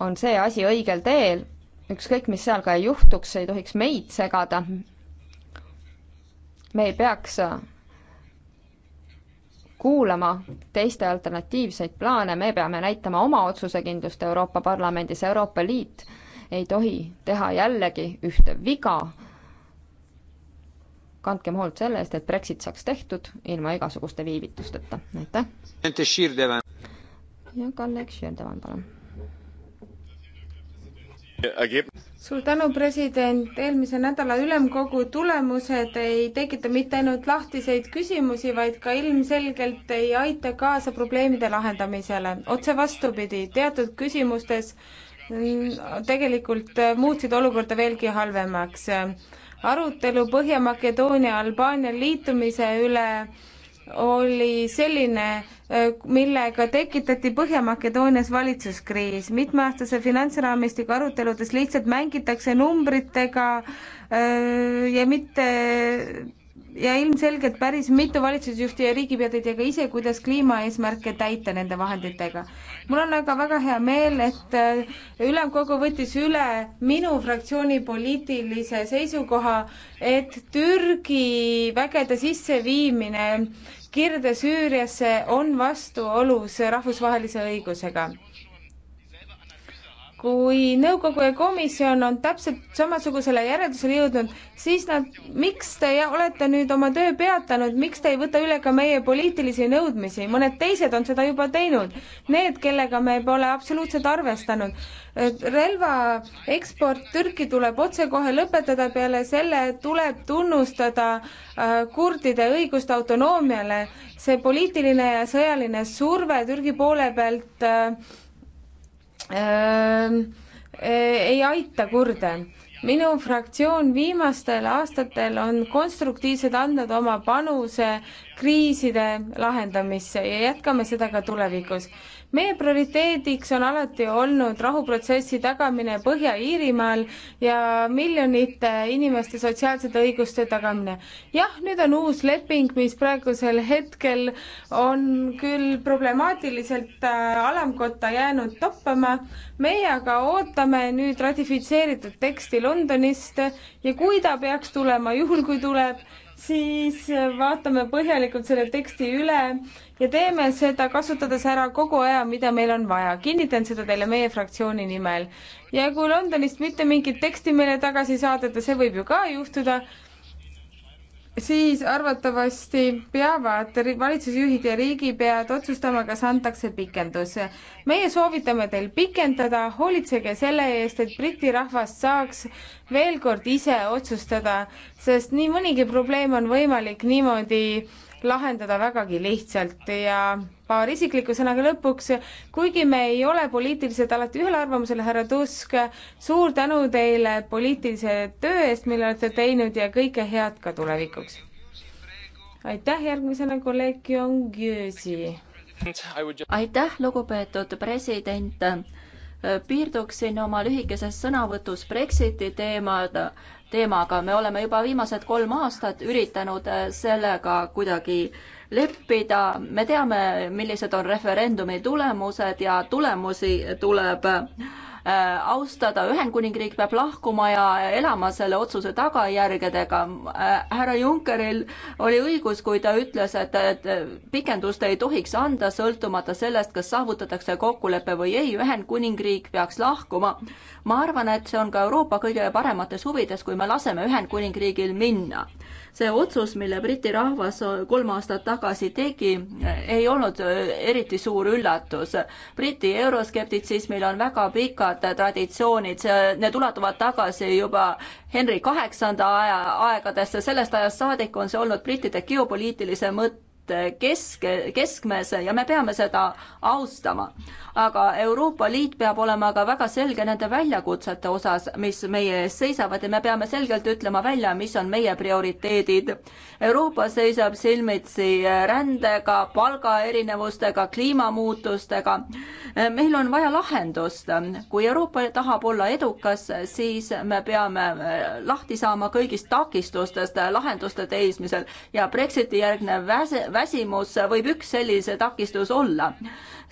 on see asi õigel teel, ükskõik, mis seal ka ei juhtuks, ei tohiks meid segada. me ei peaks äh, kuulama teiste alternatiivseid plaane, me peame näitama oma otsusekindlust Euroopa Parlamendis, Euroopa Liit ei tohi teha jällegi ühte viga. kandkem hoolt selle eest, et Brexit saaks tehtud ilma igasuguste viivitusteta, aitäh. ja kolleeg Širdevan, palun suur tänu, president. eelmise nädala ülemkogu tulemused ei tekita mitte ainult lahtiseid küsimusi, vaid ka ilmselgelt ei aita kaasa probleemide lahendamisele. otse vastupidi, teatud küsimustes tegelikult muutsid olukorda veelgi halvemaks. arutelu Põhja-Makedoonia Albaania liitumise üle oli selline, äh, millega tekitati Põhja-Makedoonias valitsuskriis. mitmeaastase finantsraamistiku aruteludes lihtsalt mängitakse numbritega äh, ja mitte ja ilmselgelt päris mitu valitsusjuhti ja riigipead ei tea ka ise, kuidas kliimaeesmärke täita nende vahenditega. mul on aga väga hea meel, et äh, ülemkogu võttis üle minu fraktsiooni poliitilise seisukoha, et Türgi vägede sisseviimine Kirde-Süüriasse on vastuolus rahvusvahelise õigusega kui nõukogu ja komisjon on täpselt samasugusele järeldusele jõudnud, siis nad, miks te olete nüüd oma töö peatanud, miks te ei võta üle ka meie poliitilisi nõudmisi, mõned teised on seda juba teinud, need, kellega me pole absoluutselt arvestanud. relva eksport Türki tuleb otsekohe lõpetada, peale selle tuleb tunnustada äh, kurdide õigust autonoomiale, see poliitiline ja sõjaline surve Türgi poole pealt äh, ei aita kurde. minu fraktsioon viimastel aastatel on konstruktiivselt andnud oma panuse kriiside lahendamisse ja jätkame seda ka tulevikus meie prioriteediks on alati olnud rahuprotsessi tagamine Põhja-Iirimaal ja miljonite inimeste sotsiaalsete õiguste tagamine. jah, nüüd on uus leping, mis praegusel hetkel on küll problemaatiliselt äh, alamkotta jäänud toppama, meie aga ootame nüüd ratifitseeritud teksti Londonist ja kui ta peaks tulema, juhul kui tuleb, siis vaatame põhjalikult selle teksti üle ja teeme seda, kasutades ära kogu aja, mida meil on vaja. kinnitan seda teile meie fraktsiooni nimel. ja kui Londonist mitte mingit teksti meile tagasi saadeta, see võib ju ka juhtuda, siis arvatavasti peavad valitsusjuhid ja riigipead otsustama, kas antakse pikendus. meie soovitame teil pikendada, hoolitsege selle eest, et Briti rahvas saaks veel kord ise otsustada, sest nii mõnigi probleem on võimalik niimoodi lahendada vägagi lihtsalt ja paar isiklikku sõna ka lõpuks. kuigi me ei ole poliitiliselt alati ühel arvamusel, härra Tusk, suur tänu teile poliitilise töö eest, mille olete teinud ja kõike head ka tulevikuks. aitäh, järgmisena kolleeg Kyung Jüsi. aitäh, lugupeetud president piirduksin oma lühikeses sõnavõtus Brexiti teemad, teemaga, me oleme juba viimased kolm aastat üritanud sellega kuidagi äh, leppida. me teame, millised on referendumi tulemused ja tulemusi tuleb äh, austada, Ühendkuningriik peab lahkuma ja elama selle otsuse tagajärgedega. Äh, härra Junckeril oli õigus, kui ta ütles, et, et pikendust ei tohiks anda, sõltumata sellest, kas saavutatakse kokkulepe või ei, Ühendkuningriik peaks lahkuma. ma arvan, et see on ka Euroopa kõige paremates huvides, kui me laseme Ühendkuningriigil minna see otsus, mille Briti rahvas kolm aastat tagasi tegi, ei olnud eriti suur üllatus. Briti euroskeptitsismil on väga pikad traditsioonid, see, need ulatuvad tagasi juba Henry Kaheksanda aja, aegadesse, sellest ajast saadik on see olnud brittide geopoliitilise mõtte keske, keskmes ja me peame seda austama. aga Euroopa Liit peab olema ka väga selge nende väljakutsete osas, mis meie ees seisavad ja me peame selgelt ütlema välja, mis on meie prioriteedid. Euroopa seisab silmitsi rändega, palgaerinevustega, kliimamuutustega. meil on vaja lahendust. kui Euroopa tahab olla edukas, siis me peame lahti saama kõigist takistustest lahenduste teismisel ja Brexiti järgnev väse, väsimus võib üks sellise takistus olla.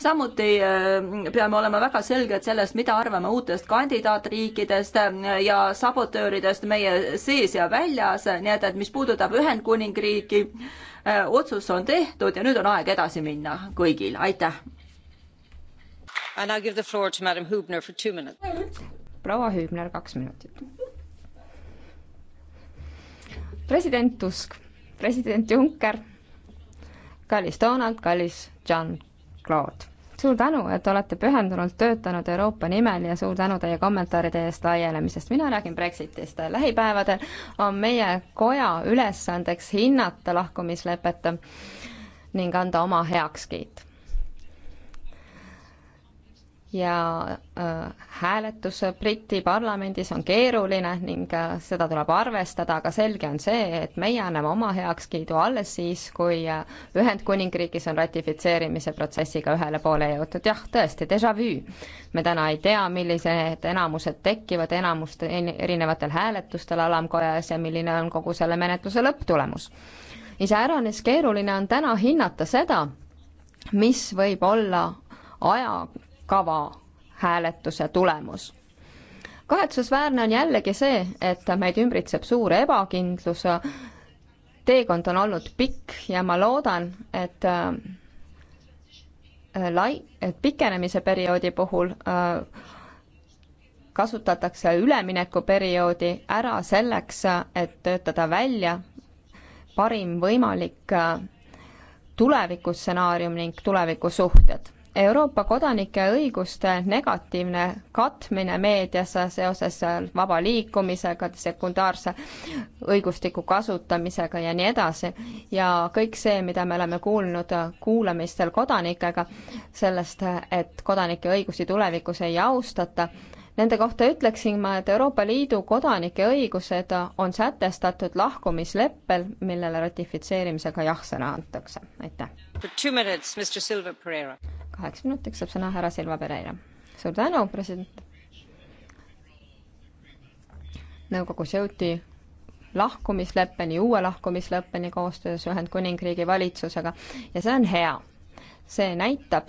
samuti äh, peame olema väga selged sellest, mida arvame uutest kandidaatriikidest äh, ja sabotööridest meie sees ja väljas, nii et, et mis puudutab Ühendkuningriiki, äh, otsus on tehtud ja nüüd on aeg edasi minna kõigil, aitäh. proua Hübner, kaks minutit president Tusk, president Juncker kallis Donald, kallis Jean-Claude. suur tänu, et olete pühendunult töötanud Euroopa nimel ja suur tänu teie kommentaaride eest laielemisest. mina räägin Brexitist. lähipäevadel on meie koja ülesandeks hinnata lahkumislepet ning anda oma heakskiit ja äh, hääletus Briti parlamendis on keeruline ning äh, seda tuleb arvestada, aga selge on see, et meie anname oma heakskiidu alles siis, kui äh, Ühendkuningriigis on ratifitseerimise protsessiga ühele poole jõutud. jah, tõesti, déjà vu. me täna ei tea, millised enamused tekivad enamust erinevatel hääletustel alamkojas ja milline on kogu selle menetluse lõpptulemus. iseäranis keeruline on täna hinnata seda, mis võib olla aja kava hääletuse tulemus. kahetsusväärne on jällegi see, et meid ümbritseb suur ebakindlus, teekond on olnud pikk ja ma loodan, et äh, lai-, et pikenemise perioodi puhul äh, kasutatakse üleminekuperioodi ära selleks, et töötada välja parim võimalik äh, tulevikustsenaarium ning tulevikusuhted. Euroopa kodanike õiguste negatiivne katmine meedias seoses vaba liikumisega, sekundaarse õigustiku kasutamisega ja nii edasi ja kõik see, mida me oleme kuulnud kuulamistel kodanikega, sellest, et kodanike õigusi tulevikus ei austata, Nende kohta ütleksin ma, et Euroopa Liidu kodanike õigused on sätestatud lahkumisleppel, millele ratifitseerimisega jah-sõna antakse. aitäh! kaheks minutiks saab sõna härra Silva Pereira. suur tänu, president. nõukogus jõuti lahkumisleppeni, uue lahkumisleppeni koostöös Ühendkuningriigi valitsusega ja see on hea. see näitab,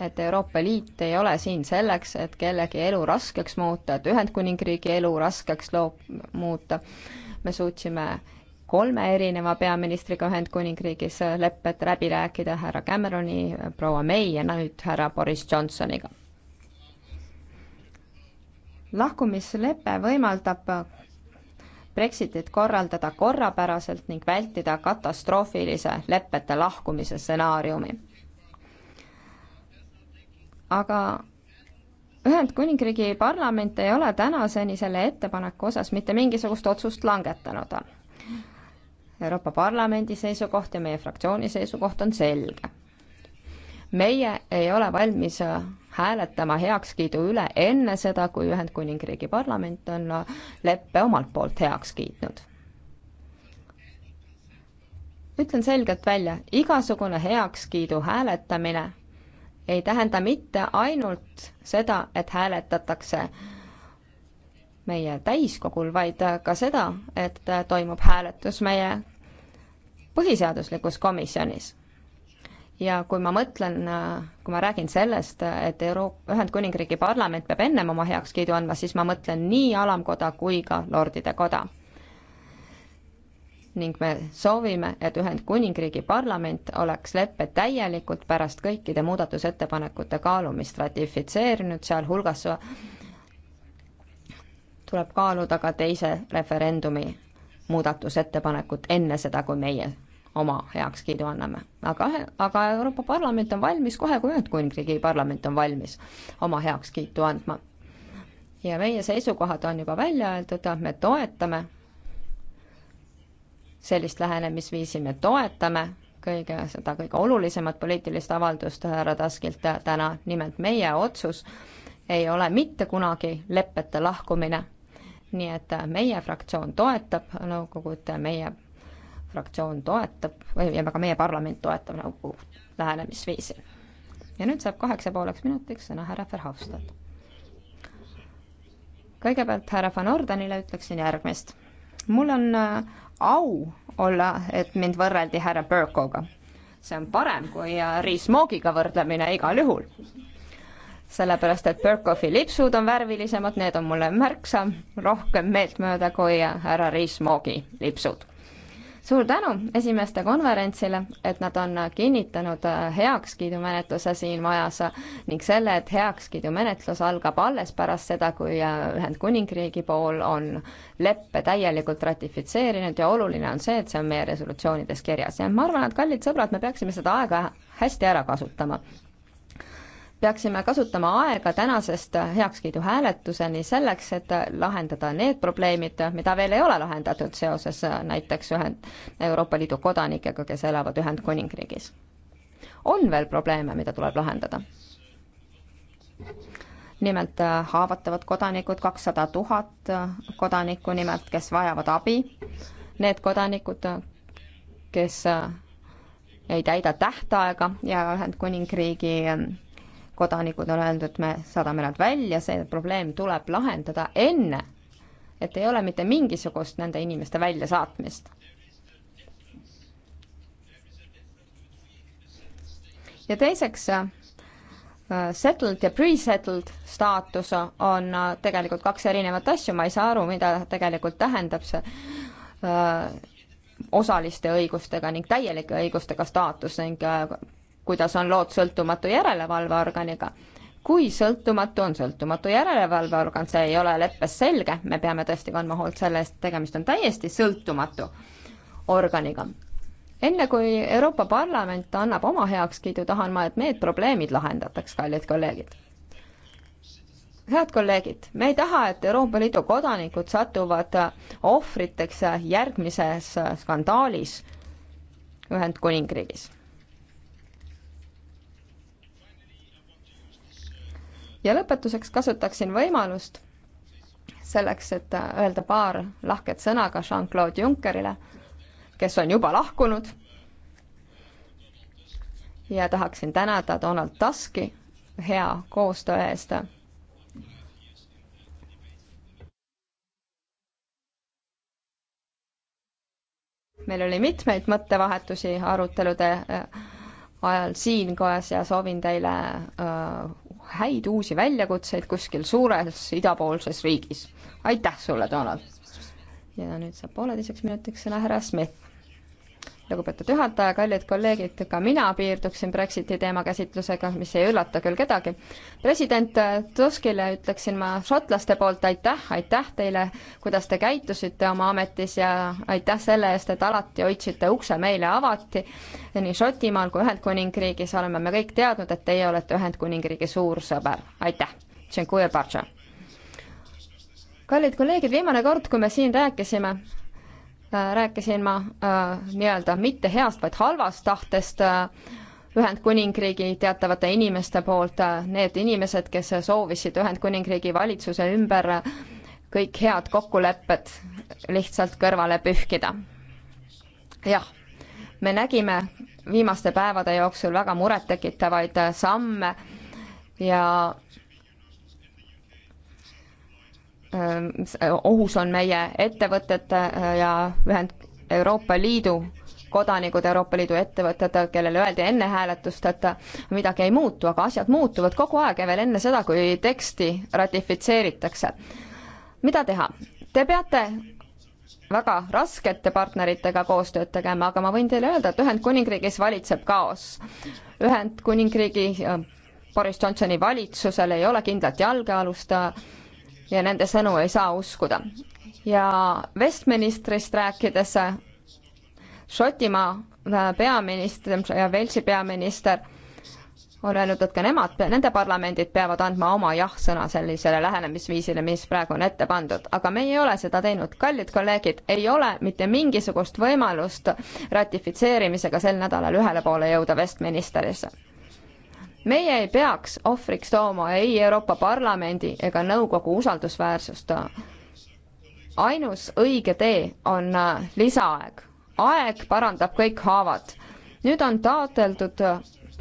et Euroopa Liit ei ole siin selleks, et kellegi elu raskeks muuta, et Ühendkuningriigi elu raskeks loo-, muuta. me suutsime kolme erineva peaministriga Ühendkuningriigis lepped läbi rääkida härra Cameroni, proua May ja nüüd härra Boris Johnsoniga. lahkumislepe võimaldab Brexitit korraldada korrapäraselt ning vältida katastroofilise leppete lahkumise stsenaariumi. aga Ühendkuningriigi parlament ei ole tänaseni selle ettepaneku osas mitte mingisugust otsust langetanud Euroopa Parlamendi seisukoht ja meie fraktsiooni seisukoht on selge. meie ei ole valmis äh, hääletama heakskiidu üle enne seda, kui Ühendkuningriigi parlament on äh, leppe omalt poolt heaks kiitnud. ütlen selgelt välja, igasugune heakskiidu hääletamine ei tähenda mitte ainult seda, et hääletatakse meie täiskogul, vaid äh, ka seda, et toimub hääletus meie põhiseaduslikus komisjonis. ja kui ma mõtlen, kui ma räägin sellest, et Euroopa Ühendkuningriigi parlament peab ennem oma heakskiidu andma, siis ma mõtlen nii alamkoda kui ka lordide koda. ning me soovime, et Ühendkuningriigi parlament oleks leppe täielikult pärast kõikide muudatusettepanekute kaalumist ratifitseerinud, sealhulgas tuleb kaaluda ka teise referendumi muudatusettepanekut enne seda, kui meie oma heakskiidu anname. aga, aga Euroopa Parlament on valmis kohe, kui Ühendkuningriigi parlament on valmis oma heakskiitu andma. ja meie seisukohad on juba välja öeldud, me toetame sellist lähenemisviisi, me toetame kõige, seda kõige olulisemat poliitilist avaldust härra Taskilt täna, nimelt meie otsus ei ole mitte kunagi leppeta lahkumine. nii et meie fraktsioon toetab nõukogud, meie fraktsioon toetab või, ja ka meie parlament toetab nõukogu lähenemisviisi. ja nüüd saab kaheksa pooleks minutiks sõna härra Verhofstadt. kõigepealt härra Van Ordenile ütleksin järgmist. mul on äh, au olla, et mind võrreldi härra Berkoga. see on parem kui äh, Riis Moogiga võrdlemine igal juhul sellepärast et Berkovi lipsud on värvilisemad, need on mulle märksa rohkem meeltmööda kui äh, härra Riis Moogi lipsud suur tänu esimeste konverentsile, et nad on kinnitanud äh, heakskiidumenetluse siin majas ning selle, et heakskiidumenetlus algab alles pärast seda, kui äh, Ühendkuningriigi pool on leppe täielikult ratifitseerinud ja oluline on see, et see on meie resolutsioonides kirjas ja ma arvan, et kallid sõbrad, me peaksime seda aega hästi ära kasutama peaksime kasutama aega tänasest heakskiidu hääletuseni selleks, et lahendada need probleemid, mida veel ei ole lahendatud seoses näiteks ühend, Euroopa Liidu kodanikega, kes elavad Ühendkuningriigis. on veel probleeme, mida tuleb lahendada. nimelt äh, haavatavad kodanikud, kakssada tuhat kodanikku nimelt, kes vajavad abi. Need kodanikud, kes äh, ei täida tähtaega ja Ühendkuningriigi äh, kodanikud on öelnud, et me saadame nad välja, see probleem tuleb lahendada enne, et ei ole mitte mingisugust nende inimeste väljasaatmist. ja teiseks, äh, settled ja pre-settled staatus on äh, tegelikult kaks erinevat asja, ma ei saa aru, mida tegelikult tähendab see äh, osaliste õigustega ning täielike õigustega staatus ning kuidas on lood sõltumatu järelevalveorganiga. kui sõltumatu on sõltumatu järelevalveorgan, see ei ole leppes selge, me peame tõesti kandma hoolt selle eest, tegemist on täiesti sõltumatu organiga. enne kui Euroopa Parlament annab oma heakskiidu, tahan ma, et need probleemid lahendataks, kallid kolleegid. head kolleegid, me ei taha, et Euroopa Liidu kodanikud satuvad ohvriteks järgmises skandaalis Ühendkuningriigis ja lõpetuseks kasutaksin võimalust selleks, et öelda paar lahket sõna ka Jean-Claude Junckerile, kes on juba lahkunud. ja tahaksin tänada Donald Tuski hea koostöö eest. meil oli mitmeid mõttevahetusi arutelude ajal siin kojas ja soovin teile äh, häid uusi väljakutseid kuskil suures idapoolses riigis. aitäh sulle, Donald! ja nüüd saab pooleteiseks minutiks sõna härra Smith lugupeetud juhataja, kallid kolleegid, ka mina piirduksin Brexiti teema käsitlusega, mis ei üllata küll kedagi. president Tuskile ütleksin ma šotlaste poolt aitäh, aitäh teile, kuidas te käitusite oma ametis ja aitäh selle eest, et alati hoidsite ukse meile avati. nii Šotimaal kui Ühendkuningriigis oleme me kõik teadnud, et teie olete Ühendkuningriigi suur sõber, aitäh. kallid kolleegid, viimane kord, kui me siin rääkisime, Äh, rääkisin ma äh, nii-öelda mitte heast, vaid halvast tahtest äh, Ühendkuningriigi teatavate inimeste poolt, need inimesed, kes soovisid Ühendkuningriigi valitsuse ümber kõik head kokkulepped lihtsalt kõrvale pühkida. jah, me nägime viimaste päevade jooksul väga murettekitavaid samme ja Ehm, ohus on meie ettevõtete eh, ja ühend-, Euroopa Liidu kodanikud, Euroopa Liidu ettevõtted, kellele öeldi enne hääletust, et midagi ei muutu, aga asjad muutuvad kogu aeg ja veel enne seda, kui teksti ratifitseeritakse. mida teha? Te peate väga raskete partneritega koostööd tegema, aga ma võin teile öelda, et Ühendkuningriigis valitseb kaos. Ühendkuningriigi Boris Johnsoni valitsusel ei ole kindlat jalgealust ja nende sõnu ei saa uskuda. ja Westministrist rääkides, Šotimaa äh, peaminister ja Velsi peaminister on öelnud, et ka nemad, nende parlamendid peavad andma oma jah-sõna sellisele lähenemisviisile, mis praegu on ette pandud, aga meie ei ole seda teinud. kallid kolleegid, ei ole mitte mingisugust võimalust ratifitseerimisega sel nädalal ühele poole jõuda Westministerisse meie ei peaks ohvriks tooma ei Euroopa Parlamendi ega nõukogu usaldusväärsust. ainus õige tee on äh, lisaaeg. aeg parandab kõik haavad. nüüd on taotletud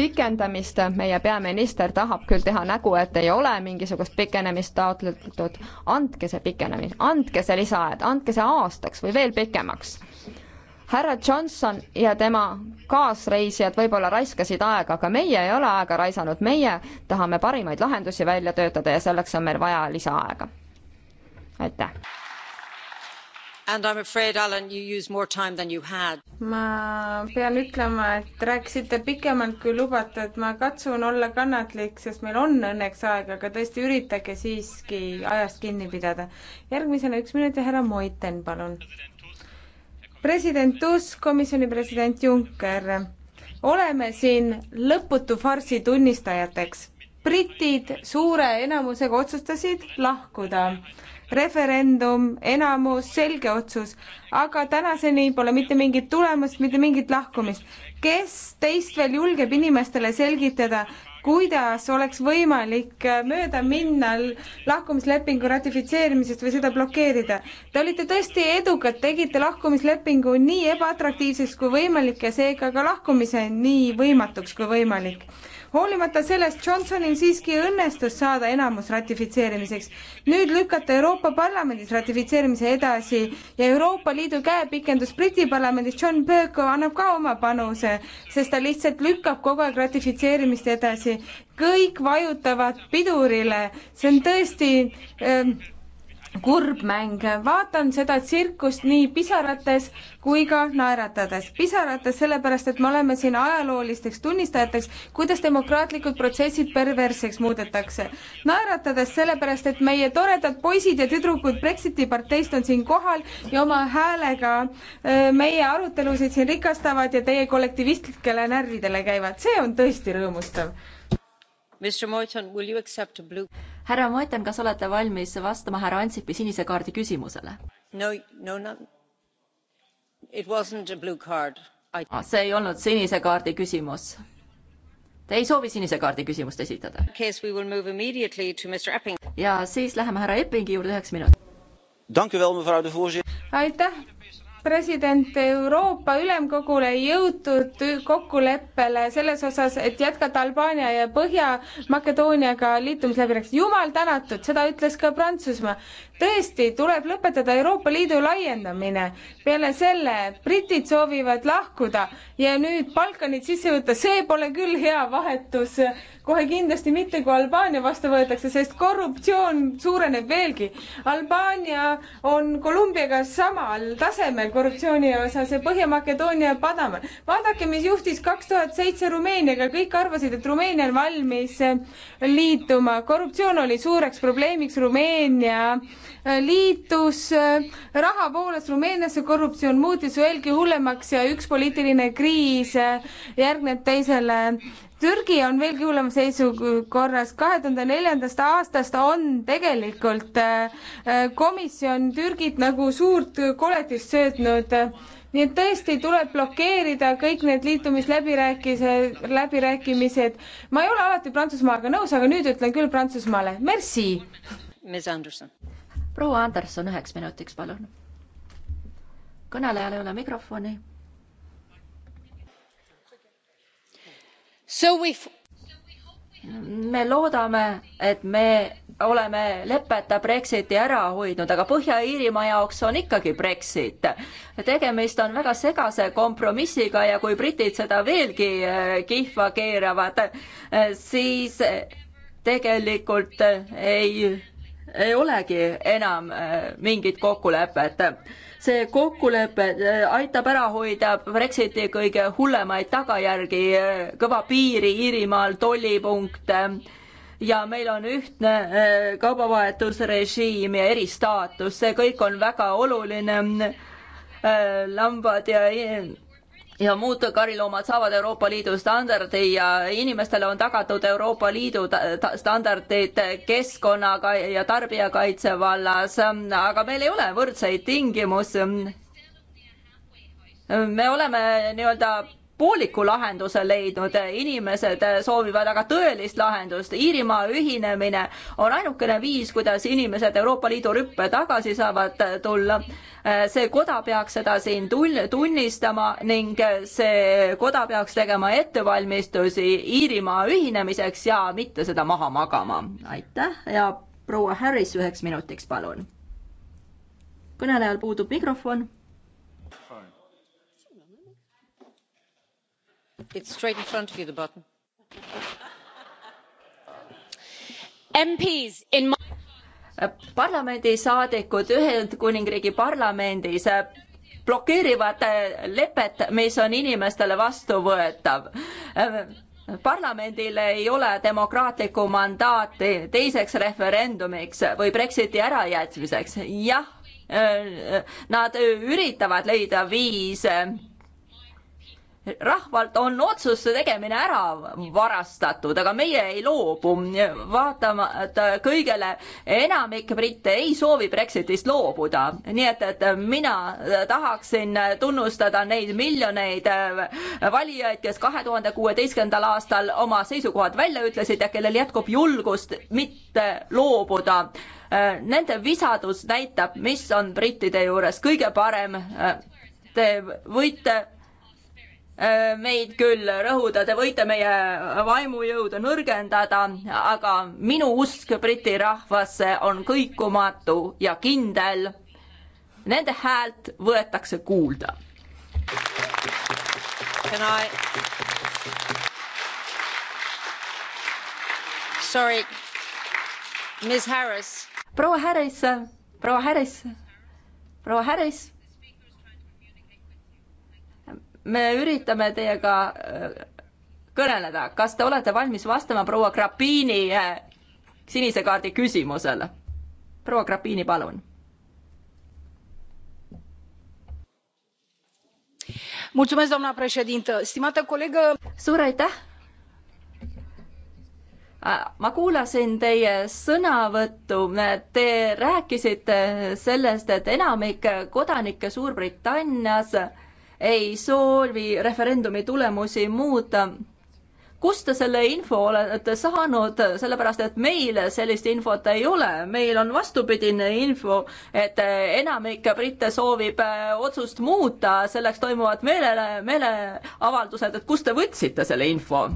pikendamist, meie peaminister tahab küll teha nägu, et ei ole mingisugust pikenemist taotletud, andke see pikenemine, andke see lisaaed, andke see aastaks või veel pikemaks härra Johnson ja tema kaasreisijad võib-olla raiskasid aega, aga meie ei ole aega raisanud, meie tahame parimaid lahendusi välja töötada ja selleks on meil vaja lisaaega. aitäh. And I am afraid, Alan, you used more time than you had. ma pean ütlema, et rääkisite pikemalt kui lubate, et ma katsun olla kannatlik, sest meil on õnneks aega, aga tõesti üritage siiski ajast kinni pidada. järgmisena üks minut ja härra Moiten, palun president Tusk, komisjoni president Juncker, oleme siin lõputu farsi tunnistajateks. britid suure enamusega otsustasid lahkuda. referendum, enamus, selge otsus, aga tänaseni pole mitte mingit tulemust, mitte mingit lahkumist. kes teist veel julgeb inimestele selgitada, kuidas oleks võimalik mööda minna lahkumislepingu ratifitseerimisest või seda blokeerida. Te olite tõesti edukad, tegite lahkumislepingu nii ebaatraktiivseks kui võimalik ja seega ka lahkumise nii võimatuks kui võimalik hoolimata sellest Johnsonil siiski õnnestus saada enamus ratifitseerimiseks. nüüd lükata Euroopa Parlamendis ratifitseerimise edasi ja Euroopa Liidu käepikendus Briti parlamendis John Bercow annab ka oma panuse, sest ta lihtsalt lükkab kogu aeg ratifitseerimist edasi. kõik vajutavad pidurile, see on tõesti ähm, kurb mäng, vaatan seda tsirkust nii pisarates kui ka naeratades. pisarates sellepärast, et me oleme siin ajaloolisteks tunnistajateks, kuidas demokraatlikud protsessid perversseks muudetakse. naeratades sellepärast, et meie toredad poisid ja tüdrukud Brexiti parteist on siin kohal ja oma häälega meie arutelusid siin rikastavad ja teie kollektivistlikele närvidele käivad, see on tõesti rõõmustav härra Moitan, kas olete valmis vastama härra Ansipi sinise kaardi küsimusele? No, no, no. I... Ah, see ei olnud sinise kaardi küsimus. Te ei soovi sinise kaardi küsimust esitada? ja siis läheme härra Eppingi juurde üheks minutiks. aitäh president Euroopa Ülemkogul ei jõutud kokkuleppele selles osas, et jätkata Albaania ja Põhja-Makedooniaga liitumisläbirääkimised. jumal tänatud, seda ütles ka Prantsusmaa. tõesti, tuleb lõpetada Euroopa Liidu laiendamine. peale selle britid soovivad lahkuda ja nüüd Balkanid sisse võtta, see pole küll hea vahetus kohe kindlasti mitte, kui Albaania vastu võetakse, sest korruptsioon suureneb veelgi. Albaania on Kolumbiaga samal tasemel korruptsiooni osas ja Põhja-Makedoonia padamal. vaadake, mis juhtus kaks tuhat seitse Rumeeniaga, kõik arvasid, et Rumeenia on valmis liituma. korruptsioon oli suureks probleemiks, Rumeenia liitus, raha voolas Rumeeniasse, korruptsioon muutis veelgi hullemaks ja üks poliitiline kriis järgneb teisele Türgi on veelgi hullem seisukorras, kahe tuhande neljandast aastast on tegelikult äh, äh, komisjon Türgit nagu suurt koletist söötnud. nii et tõesti tuleb blokeerida kõik need liitumisläbirääkimised, läbirääkimised. ma ei ole alati Prantsusmaaga nõus, aga nüüd ütlen küll Prantsusmaale merci. proua Anderson üheks minutiks, palun. kõnelejal ei ole mikrofoni If... me loodame, et me oleme leppeta Brexiti ära hoidnud, aga Põhja-Iirimaa jaoks on ikkagi Brexit. tegemist on väga segase kompromissiga ja kui britid seda veelgi äh, kihva keeravad, äh, siis äh, tegelikult ei ei olegi enam äh, mingit kokkulepet see kokkulepe äh, aitab ära hoida Brexiti kõige hullemaid tagajärgi, äh, kõva piiri Iirimaal, tollipunkte ja meil on ühtne kaubavahetusrežiim ja eristaatus, see kõik on väga oluline. lambad ja ja muud kariloomad saavad Euroopa Liidu standardi ja inimestele on tagatud Euroopa Liidu standardid keskkonnaga ja tarbijakaitse vallas, aga meil ei ole võrdseid tingimusi. me oleme nii-öelda pooliku lahenduse leidnud, inimesed soovivad aga tõelist lahendust. Iirimaa ühinemine on ainukene viis, kuidas inimesed Euroopa Liidu rüppe tagasi saavad tulla. see koda peaks seda siin tunnistama ning see koda peaks tegema ettevalmistusi Iirimaa ühinemiseks ja mitte seda maha magama. aitäh ja proua Harris üheks minutiks, palun. kõnelejal puudub mikrofon it's straight in front of you the button. MPs in my parlamendisaadikud Ühendkuningriigi parlamendis blokeerivad lepet, mis on inimestele vastuvõetav parlamendil ei ole demokraatlikku mandaati teiseks referendumiks või Brexiti ärajätmiseks. jah, nad üritavad leida viise rahvalt on otsuste tegemine ära varastatud, aga meie ei loobu. vaatamata kõigele, enamik britte ei soovi Brexitist loobuda, nii et, et mina tahaksin tunnustada neid miljoneid äh, valijaid, kes kahe tuhande kuueteistkümnendal aastal oma seisukohad välja ütlesid ja kellel jätkub julgust mitte loobuda. Äh, nende visadus näitab, mis on brittide juures kõige parem. Äh, te võite Äh, meid küll rõhuda, te võite meie vaimujõudu nõrgendada, aga minu usk Briti rahvasse on kõikumatu ja kindel. Nende häält võetakse kuulda. Can I? Sorry, Miss Harris. proua Harris, proua Harris, proua Harris me üritame teiega äh, kõneleda, kas te olete valmis vastama proua Grapini äh, sinise kaardi küsimusele? proua Grapini, palun. suur aitäh. Äh, ma kuulasin teie sõnavõttu, te rääkisite sellest, et enamik kodanikke Suurbritannias ei soovi referendumi tulemusi muuta. kust te selle info olete saanud, sellepärast et meil sellist infot ei ole, meil on vastupidine info, et enamik britte soovib äh, otsust muuta, selleks toimuvad meele, meeleavaldused, et kust te võtsite selle info?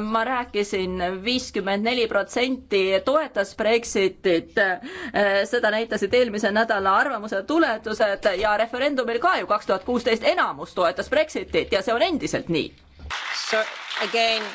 ma rääkisin, viiskümmend neli protsenti toetas Brexitit, seda näitasid eelmise nädala arvamuse tuletused ja referendumil ka ju kaks tuhat kuusteist enamus toetas Brexitit ja see on endiselt nii. So again